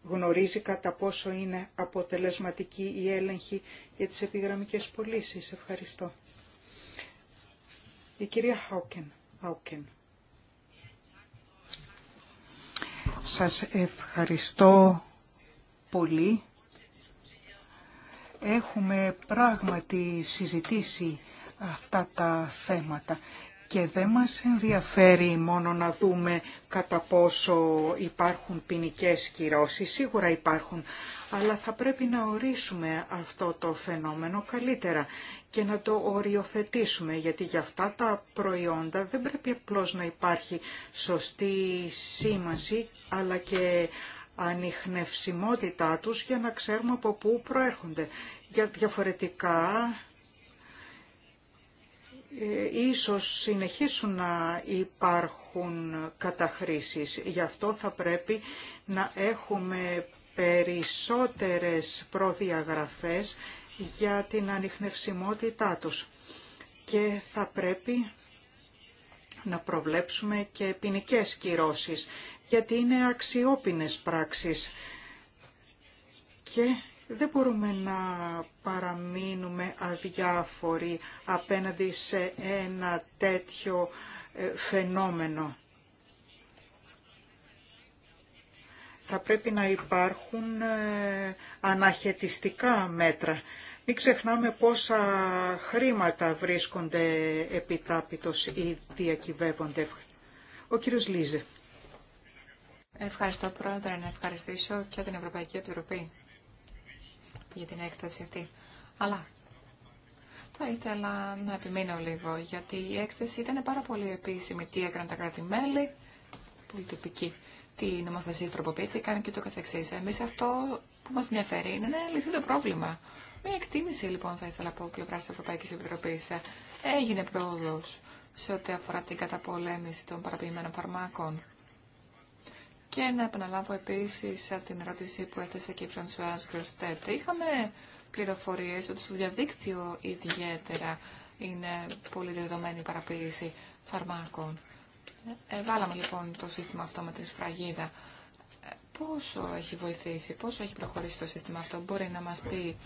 γνωρίζει κατά πόσο είναι αποτελεσματική η έλεγχη για τις επιγραμμικές πωλήσει. Ευχαριστώ. Η κυρία Χάουκεν. Χάουκεν. Σας ευχαριστώ πολύ. Έχουμε πράγματι συζητήσει αυτά τα θέματα και δεν μας ενδιαφέρει μόνο να δούμε κατά πόσο υπάρχουν ποινικέ κυρώσεις, σίγουρα υπάρχουν, αλλά θα πρέπει να ορίσουμε αυτό το φαινόμενο καλύτερα και να το οριοθετήσουμε, γιατί για αυτά τα προϊόντα δεν πρέπει απλώς να υπάρχει σωστή σήμανση, αλλά και ανιχνευσιμότητά τους για να ξέρουμε από πού προέρχονται. Για διαφορετικά ε, ίσως συνεχίσουν να υπάρχουν καταχρήσεις. Γι' αυτό θα πρέπει να έχουμε περισσότερες προδιαγραφές για την ανιχνευσιμότητά τους. Και θα πρέπει να προβλέψουμε και ποινικέ κυρώσεις, γιατί είναι αξιόπινες πράξεις. Και δεν μπορούμε να παραμείνουμε αδιάφοροι απέναντι σε ένα τέτοιο ε, φαινόμενο. Θα πρέπει να υπάρχουν ε, αναχαιτιστικά μέτρα. Μην ξεχνάμε πόσα χρήματα βρίσκονται επιτάπητος ή διακυβεύονται. Ο κύριος Λίζε. Ευχαριστώ πρόεδρε να ευχαριστήσω και την Ευρωπαϊκή Επιτροπή για την έκθεση αυτή. Αλλά θα ήθελα να επιμείνω λίγο, γιατί η έκθεση ήταν πάρα πολύ επίσημη. Τι έκαναν τα κράτη-μέλη, πολύ τυπική. Τι νομοθεσίε τροποποιήθηκαν και το καθεξή. Εμεί αυτό που μα ενδιαφέρει είναι να λυθεί το πρόβλημα. Μια εκτίμηση λοιπόν θα ήθελα από πλευρά τη Ευρωπαϊκή Επιτροπή. Έγινε πρόοδο σε ό,τι αφορά την καταπολέμηση των παραποιημένων φαρμάκων. Και να επαναλάβω επίση από την ερώτηση που έθεσε και η Φρανσουά Γκροστέτ. Είχαμε πληροφορίε ότι στο διαδίκτυο ιδιαίτερα είναι πολύ δεδομένη η παραποίηση φαρμάκων. Ε, βάλαμε λοιπόν το σύστημα αυτό με τη σφραγίδα. Ε, πόσο έχει βοηθήσει, πόσο έχει προχωρήσει το σύστημα αυτό, μπορεί να μας πει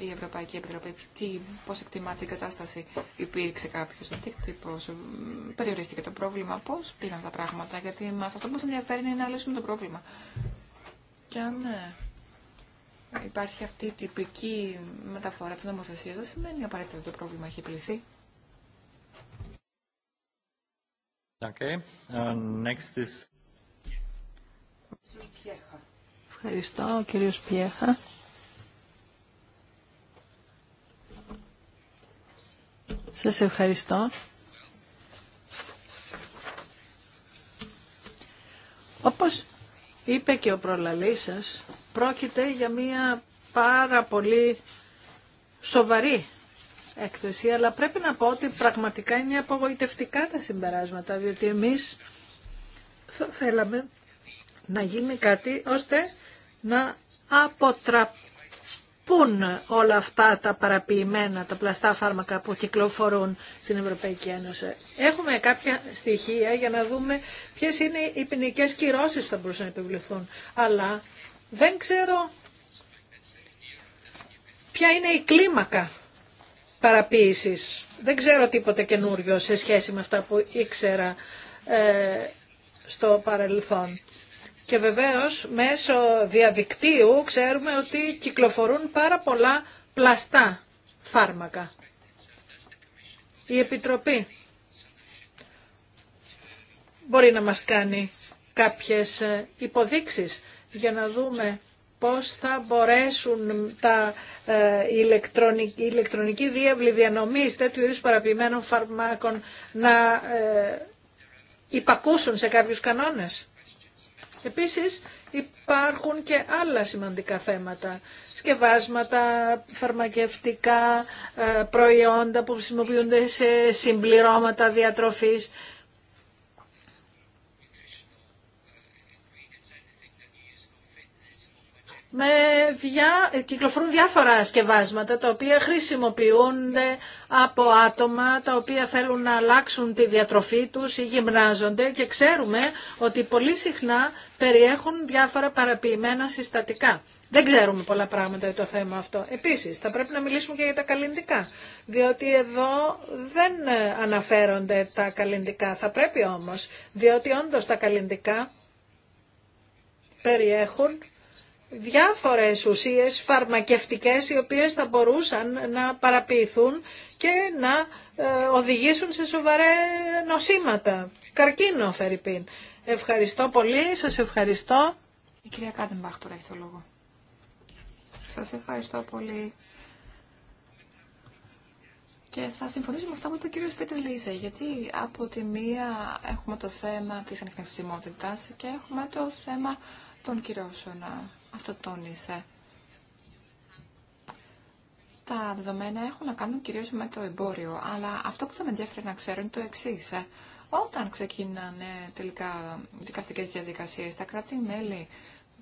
η Ευρωπαϊκή Επιτροπή, πώ πώς εκτιμά την κατάσταση, υπήρξε κάποιο αντίκτυπο, περιορίστηκε το πρόβλημα, Πώ πήγαν τα πράγματα, γιατί με αυτό που μα ενδιαφέρει είναι να λύσουμε το πρόβλημα. Και αν ναι, υπάρχει αυτή η τυπική μεταφορά τη νομοθεσία, δεν σημαίνει απαραίτητα ότι το πρόβλημα έχει επιληθεί. Okay. Äh, next is... Ευχαριστώ, κύριος Πιέχα. Σας ευχαριστώ. Όπως είπε και ο προλαλής σας, πρόκειται για μία πάρα πολύ σοβαρή έκθεση, αλλά πρέπει να πω ότι πραγματικά είναι απογοητευτικά τα συμπεράσματα, διότι εμείς θα θέλαμε να γίνει κάτι ώστε να αποτραπεί πουν όλα αυτά τα παραποιημένα, τα πλαστά φάρμακα που κυκλοφορούν στην Ευρωπαϊκή Ένωση. Έχουμε κάποια στοιχεία για να δούμε ποιες είναι οι ποινικέ κυρώσεις που θα μπορούσαν να επιβληθούν. Αλλά δεν ξέρω ποια είναι η κλίμακα παραποίησης. Δεν ξέρω τίποτε καινούριο σε σχέση με αυτά που ήξερα ε, στο παρελθόν. Και βεβαίως μέσω διαδικτύου ξέρουμε ότι κυκλοφορούν πάρα πολλά πλαστά φάρμακα. Η Επιτροπή μπορεί να μας κάνει κάποιες ε, υποδείξεις για να δούμε πώς θα μπορέσουν τα ε, ηλεκτρονική, ηλεκτρονική διεύλη διανομής τέτοιου είδους παραποιημένων φαρμάκων να ε, υπακούσουν σε κάποιους κανόνες. Επίσης υπάρχουν και άλλα σημαντικά θέματα, σκευάσματα, φαρμακευτικά, ε, προϊόντα που χρησιμοποιούνται σε συμπληρώματα διατροφής. με διά, κυκλοφορούν διάφορα σκευάσματα τα οποία χρησιμοποιούνται από άτομα τα οποία θέλουν να αλλάξουν τη διατροφή τους ή γυμνάζονται και ξέρουμε ότι πολύ συχνά περιέχουν διάφορα παραποιημένα συστατικά. Δεν ξέρουμε πολλά πράγματα για το θέμα αυτό. Επίσης, θα πρέπει να μιλήσουμε και για τα καλλιντικά, διότι εδώ δεν αναφέρονται τα καλλιντικά. Θα πρέπει όμως, διότι όντως τα καλλιντικά περιέχουν διάφορες ουσίες φαρμακευτικές οι οποίες θα μπορούσαν να παραποιηθούν και να ε, οδηγήσουν σε σοβαρέ νοσήματα. Καρκίνο, Φερρυπίν. Ευχαριστώ πολύ, σας ευχαριστώ. Η κυρία Κάντεμπαχ τώρα έχει το λόγο. Σας ευχαριστώ πολύ. Και θα συμφωνήσω με αυτά που είπε ο κύριος Πίτερ Λίζε, γιατί από τη μία έχουμε το θέμα της ανεκνευσιμότητας και έχουμε το θέμα τον κυρώσεων. Αυτό τόνισε. Τα δεδομένα έχουν να κάνουν κυρίως με το εμπόριο, αλλά αυτό που θα με ενδιαφέρει να ξέρω είναι το εξή. Ε. Όταν ξεκίνανε τελικά δικαστικές διαδικασίες, τα κράτη-μέλη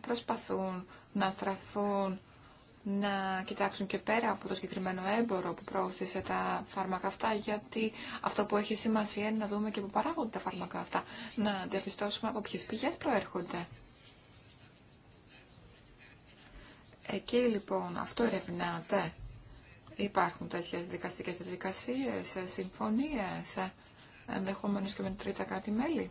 προσπαθούν να στραφούν, να κοιτάξουν και πέρα από το συγκεκριμένο έμπορο που προώθησε τα φάρμακα αυτά, γιατί αυτό που έχει σημασία είναι να δούμε και που παράγονται τα φάρμακα αυτά, να διαπιστώσουμε από ποιες πηγές προέρχονται. Εκεί λοιπόν αυτό ερευνάτε, Υπάρχουν τέτοιε δικαστικέ διαδικασίε, συμφωνίε, ενδεχομένω και με τρίτα κράτη-μέλη.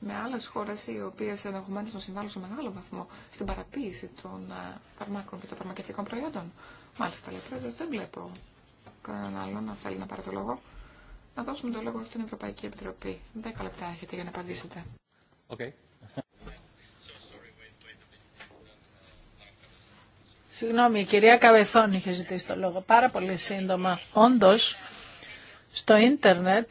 με άλλε χώρε οι οποίε ενδεχομένω να συμβάλλουν σε μεγάλο βαθμό στην παραποίηση των ε, φαρμάκων και των φαρμακευτικών προϊόντων. Μάλιστα, λέει Πρόεδρο, δεν βλέπω κανέναν άλλο να θέλει να πάρει το λόγο. Να δώσουμε το λόγο στην Ευρωπαϊκή Επιτροπή. Δέκα λεπτά έχετε για να απαντήσετε. Okay. Συγγνώμη, η κυρία Καβεθών είχε ζητήσει το λόγο. Πάρα πολύ σύντομα. Όντως, στο ίντερνετ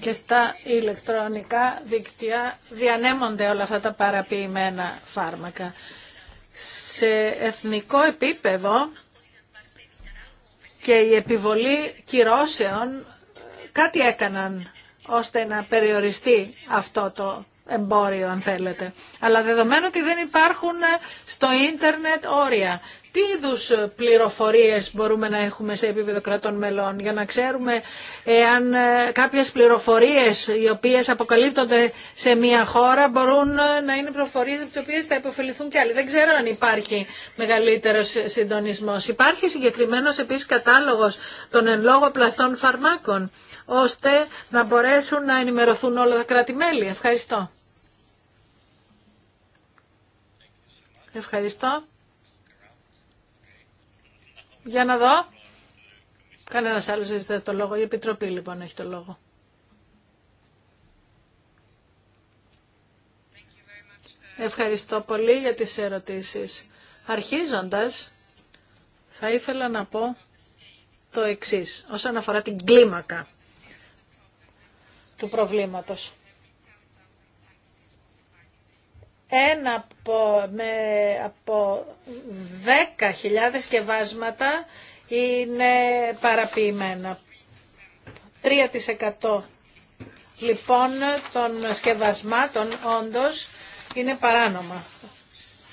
και στα ηλεκτρονικά δίκτυα διανέμονται όλα αυτά τα παραποιημένα φάρμακα. Σε εθνικό επίπεδο και η επιβολή κυρώσεων κάτι έκαναν ώστε να περιοριστεί αυτό το εμπόριο αν θέλετε. Αλλά δεδομένου ότι δεν υπάρχουν στο ίντερνετ όρια τι είδου ε, πληροφορίες μπορούμε να έχουμε σε επίπεδο κρατών μελών για να ξέρουμε εάν ε, κάποιες πληροφορίες οι οποίες αποκαλύπτονται σε μια χώρα μπορούν ε, να είναι πληροφορίε από τις οποίες θα υποφεληθούν και άλλοι. Δεν ξέρω αν υπάρχει μεγαλύτερο συντονισμό. Υπάρχει συγκεκριμένο επίση κατάλογος των εν λόγω πλαστών φαρμάκων ώστε να μπορέσουν να ενημερωθούν όλα τα κράτη-μέλη. Ευχαριστώ. Ευχαριστώ. Για να δω. Κανένας άλλος ζητά το λόγο. Η Επιτροπή λοιπόν έχει το λόγο. Ευχαριστώ πολύ για τις ερωτήσεις. Αρχίζοντας, θα ήθελα να πω το εξής, όσον αφορά την κλίμακα του προβλήματος. ένα από, με, από 10.000 σκευάσματα είναι παραποιημένα. 3% λοιπόν των σκευασμάτων όντως είναι παράνομα.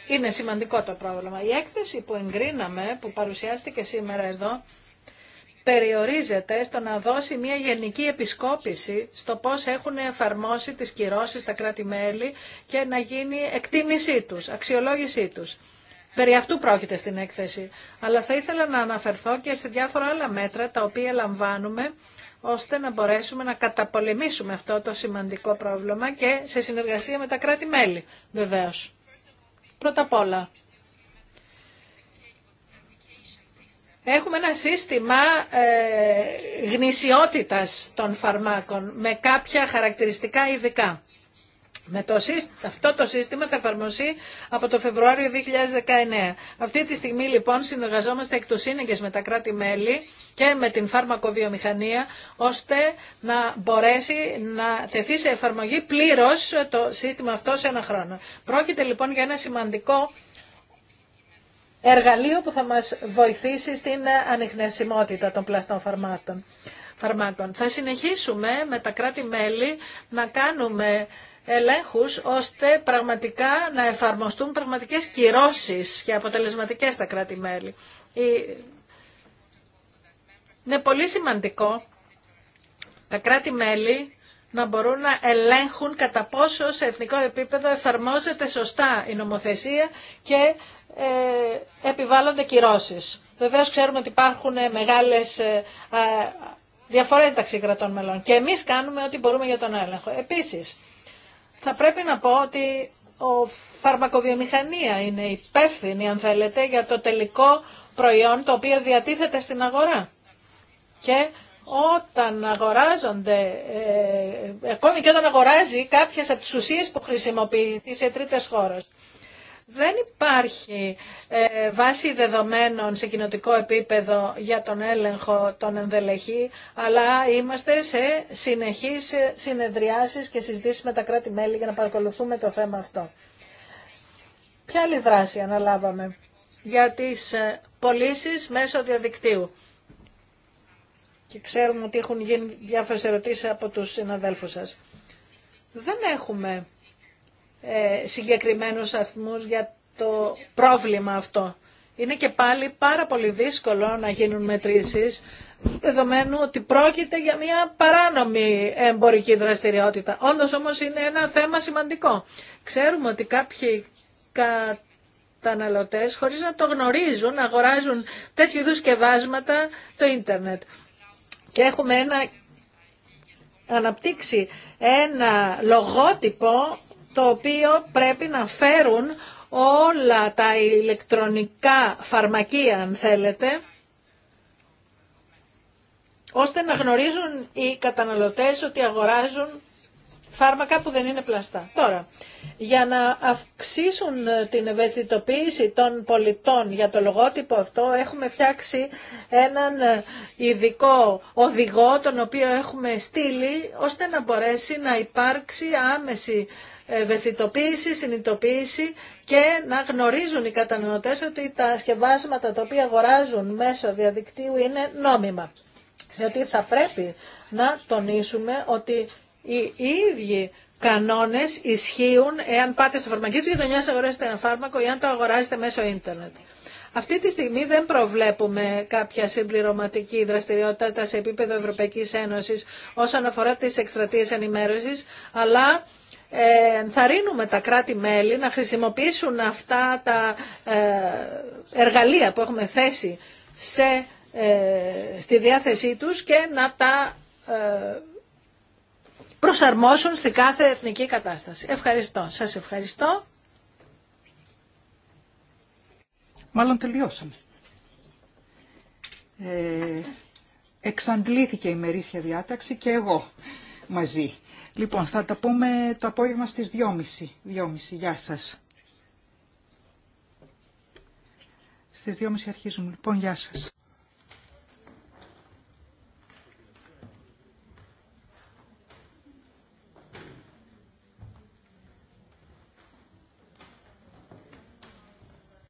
Είναι σημαντικό το πρόβλημα. Η έκθεση που εγκρίναμε, που παρουσιάστηκε σήμερα εδώ, περιορίζεται στο να δώσει μια γενική επισκόπηση στο πώς έχουν εφαρμόσει τις κυρώσεις στα κράτη-μέλη και να γίνει εκτίμησή τους, αξιολόγησή τους. Περί αυτού πρόκειται στην έκθεση. Αλλά θα ήθελα να αναφερθώ και σε διάφορα άλλα μέτρα τα οποία λαμβάνουμε ώστε να μπορέσουμε να καταπολεμήσουμε αυτό το σημαντικό πρόβλημα και σε συνεργασία με τα κράτη-μέλη, βεβαίως. Πρώτα απ' όλα, Έχουμε ένα σύστημα ε, γνησιότητας των φαρμάκων με κάποια χαρακτηριστικά ειδικά. Με το, αυτό το σύστημα θα εφαρμοστεί από το Φεβρουάριο 2019. Αυτή τη στιγμή λοιπόν συνεργαζόμαστε εκ του σύνεγγες με τα κράτη-μέλη και με την φαρμακοβιομηχανία ώστε να μπορέσει να τεθεί σε εφαρμογή πλήρως το σύστημα αυτό σε ένα χρόνο. Πρόκειται λοιπόν για ένα σημαντικό εργαλείο που θα μας βοηθήσει στην ανιχνεσιμότητα των πλαστών φαρμάτων. φαρμάκων. Θα συνεχίσουμε με τα κράτη-μέλη να κάνουμε ελέγχους ώστε πραγματικά να εφαρμοστούν πραγματικές κυρώσεις και αποτελεσματικές τα κράτη-μέλη. Είναι πολύ σημαντικό τα κράτη-μέλη να μπορούν να ελέγχουν κατά πόσο σε εθνικό επίπεδο εφαρμόζεται σωστά η νομοθεσία και ε, επιβάλλονται κυρώσεις. Βεβαίως ξέρουμε ότι υπάρχουν ε, μεγάλες ε, διαφορές μεταξύ κρατών μελών και εμείς κάνουμε ό,τι μπορούμε για τον έλεγχο. Επίσης, θα πρέπει να πω ότι ο φαρμακοβιομηχανία είναι υπεύθυνη, αν θέλετε, για το τελικό προϊόν το οποίο διατίθεται στην αγορά. Και όταν αγοράζονται, ε, ακόμη και όταν αγοράζει κάποιες από τις ουσίες που χρησιμοποιείται σε τρίτες χώρες. Δεν υπάρχει ε, βάση δεδομένων σε κοινοτικό επίπεδο για τον έλεγχο των ενδελεχή, αλλά είμαστε σε συνεχείς συνεδριάσεις και συζήτηση με τα κράτη-μέλη για να παρακολουθούμε το θέμα αυτό. Ποια άλλη δράση αναλάβαμε για τις ε, πωλήσει μέσω διαδικτύου και ξέρουμε ότι έχουν γίνει διάφορες ερωτήσεις από τους συναδέλφους σας. Δεν έχουμε ε, συγκεκριμένους αριθμούς για το πρόβλημα αυτό. Είναι και πάλι πάρα πολύ δύσκολο να γίνουν μετρήσεις, δεδομένου ότι πρόκειται για μια παράνομη εμπορική δραστηριότητα. Όντως όμως είναι ένα θέμα σημαντικό. Ξέρουμε ότι κάποιοι καταναλωτές, χωρίς να το γνωρίζουν, αγοράζουν τέτοιου είδους σκευάσματα το ίντερνετ. Και έχουμε ένα, αναπτύξει ένα λογότυπο το οποίο πρέπει να φέρουν όλα τα ηλεκτρονικά φαρμακεία, αν θέλετε, ώστε να γνωρίζουν οι καταναλωτές ότι αγοράζουν φάρμακα που δεν είναι πλαστά. Τώρα, για να αυξήσουν ε, την ευαισθητοποίηση των πολιτών για το λογότυπο αυτό, έχουμε φτιάξει έναν ε, ειδικό οδηγό, τον οποίο έχουμε στείλει, ώστε να μπορέσει να υπάρξει άμεση ευαισθητοποίηση, συνειδητοποίηση και να γνωρίζουν οι καταναλωτές ότι τα σκευάσματα τα οποία αγοράζουν μέσω διαδικτύου είναι νόμιμα. Διότι θα πρέπει να τονίσουμε ότι οι ίδιοι κανόνες ισχύουν εάν πάτε στο φαρμακείο τη γειτονιά αγοράσετε ένα φάρμακο ή αν το αγοράζετε μέσω ίντερνετ. Αυτή τη στιγμή δεν προβλέπουμε κάποια συμπληρωματική δραστηριότητα σε επίπεδο Ευρωπαϊκής Ένωσης όσον αφορά τι εκστρατείε ενημέρωση, αλλά ε, ενθαρρύνουμε τα κράτη-μέλη να χρησιμοποιήσουν αυτά τα ε, εργαλεία που έχουμε θέσει σε, ε, στη διάθεσή τους και να τα προσαρμόσουν στη κάθε εθνική κατάσταση. Ευχαριστώ. Σας ευχαριστώ. Μάλλον τελειώσαμε. Ε, εξαντλήθηκε η μερίσια διάταξη και εγώ μαζί. Λοιπόν, θα τα πούμε το απόγευμα στις 2.30. 2.30. Γεια σας. Στις 2.30 αρχίζουμε. Λοιπόν, γεια σας.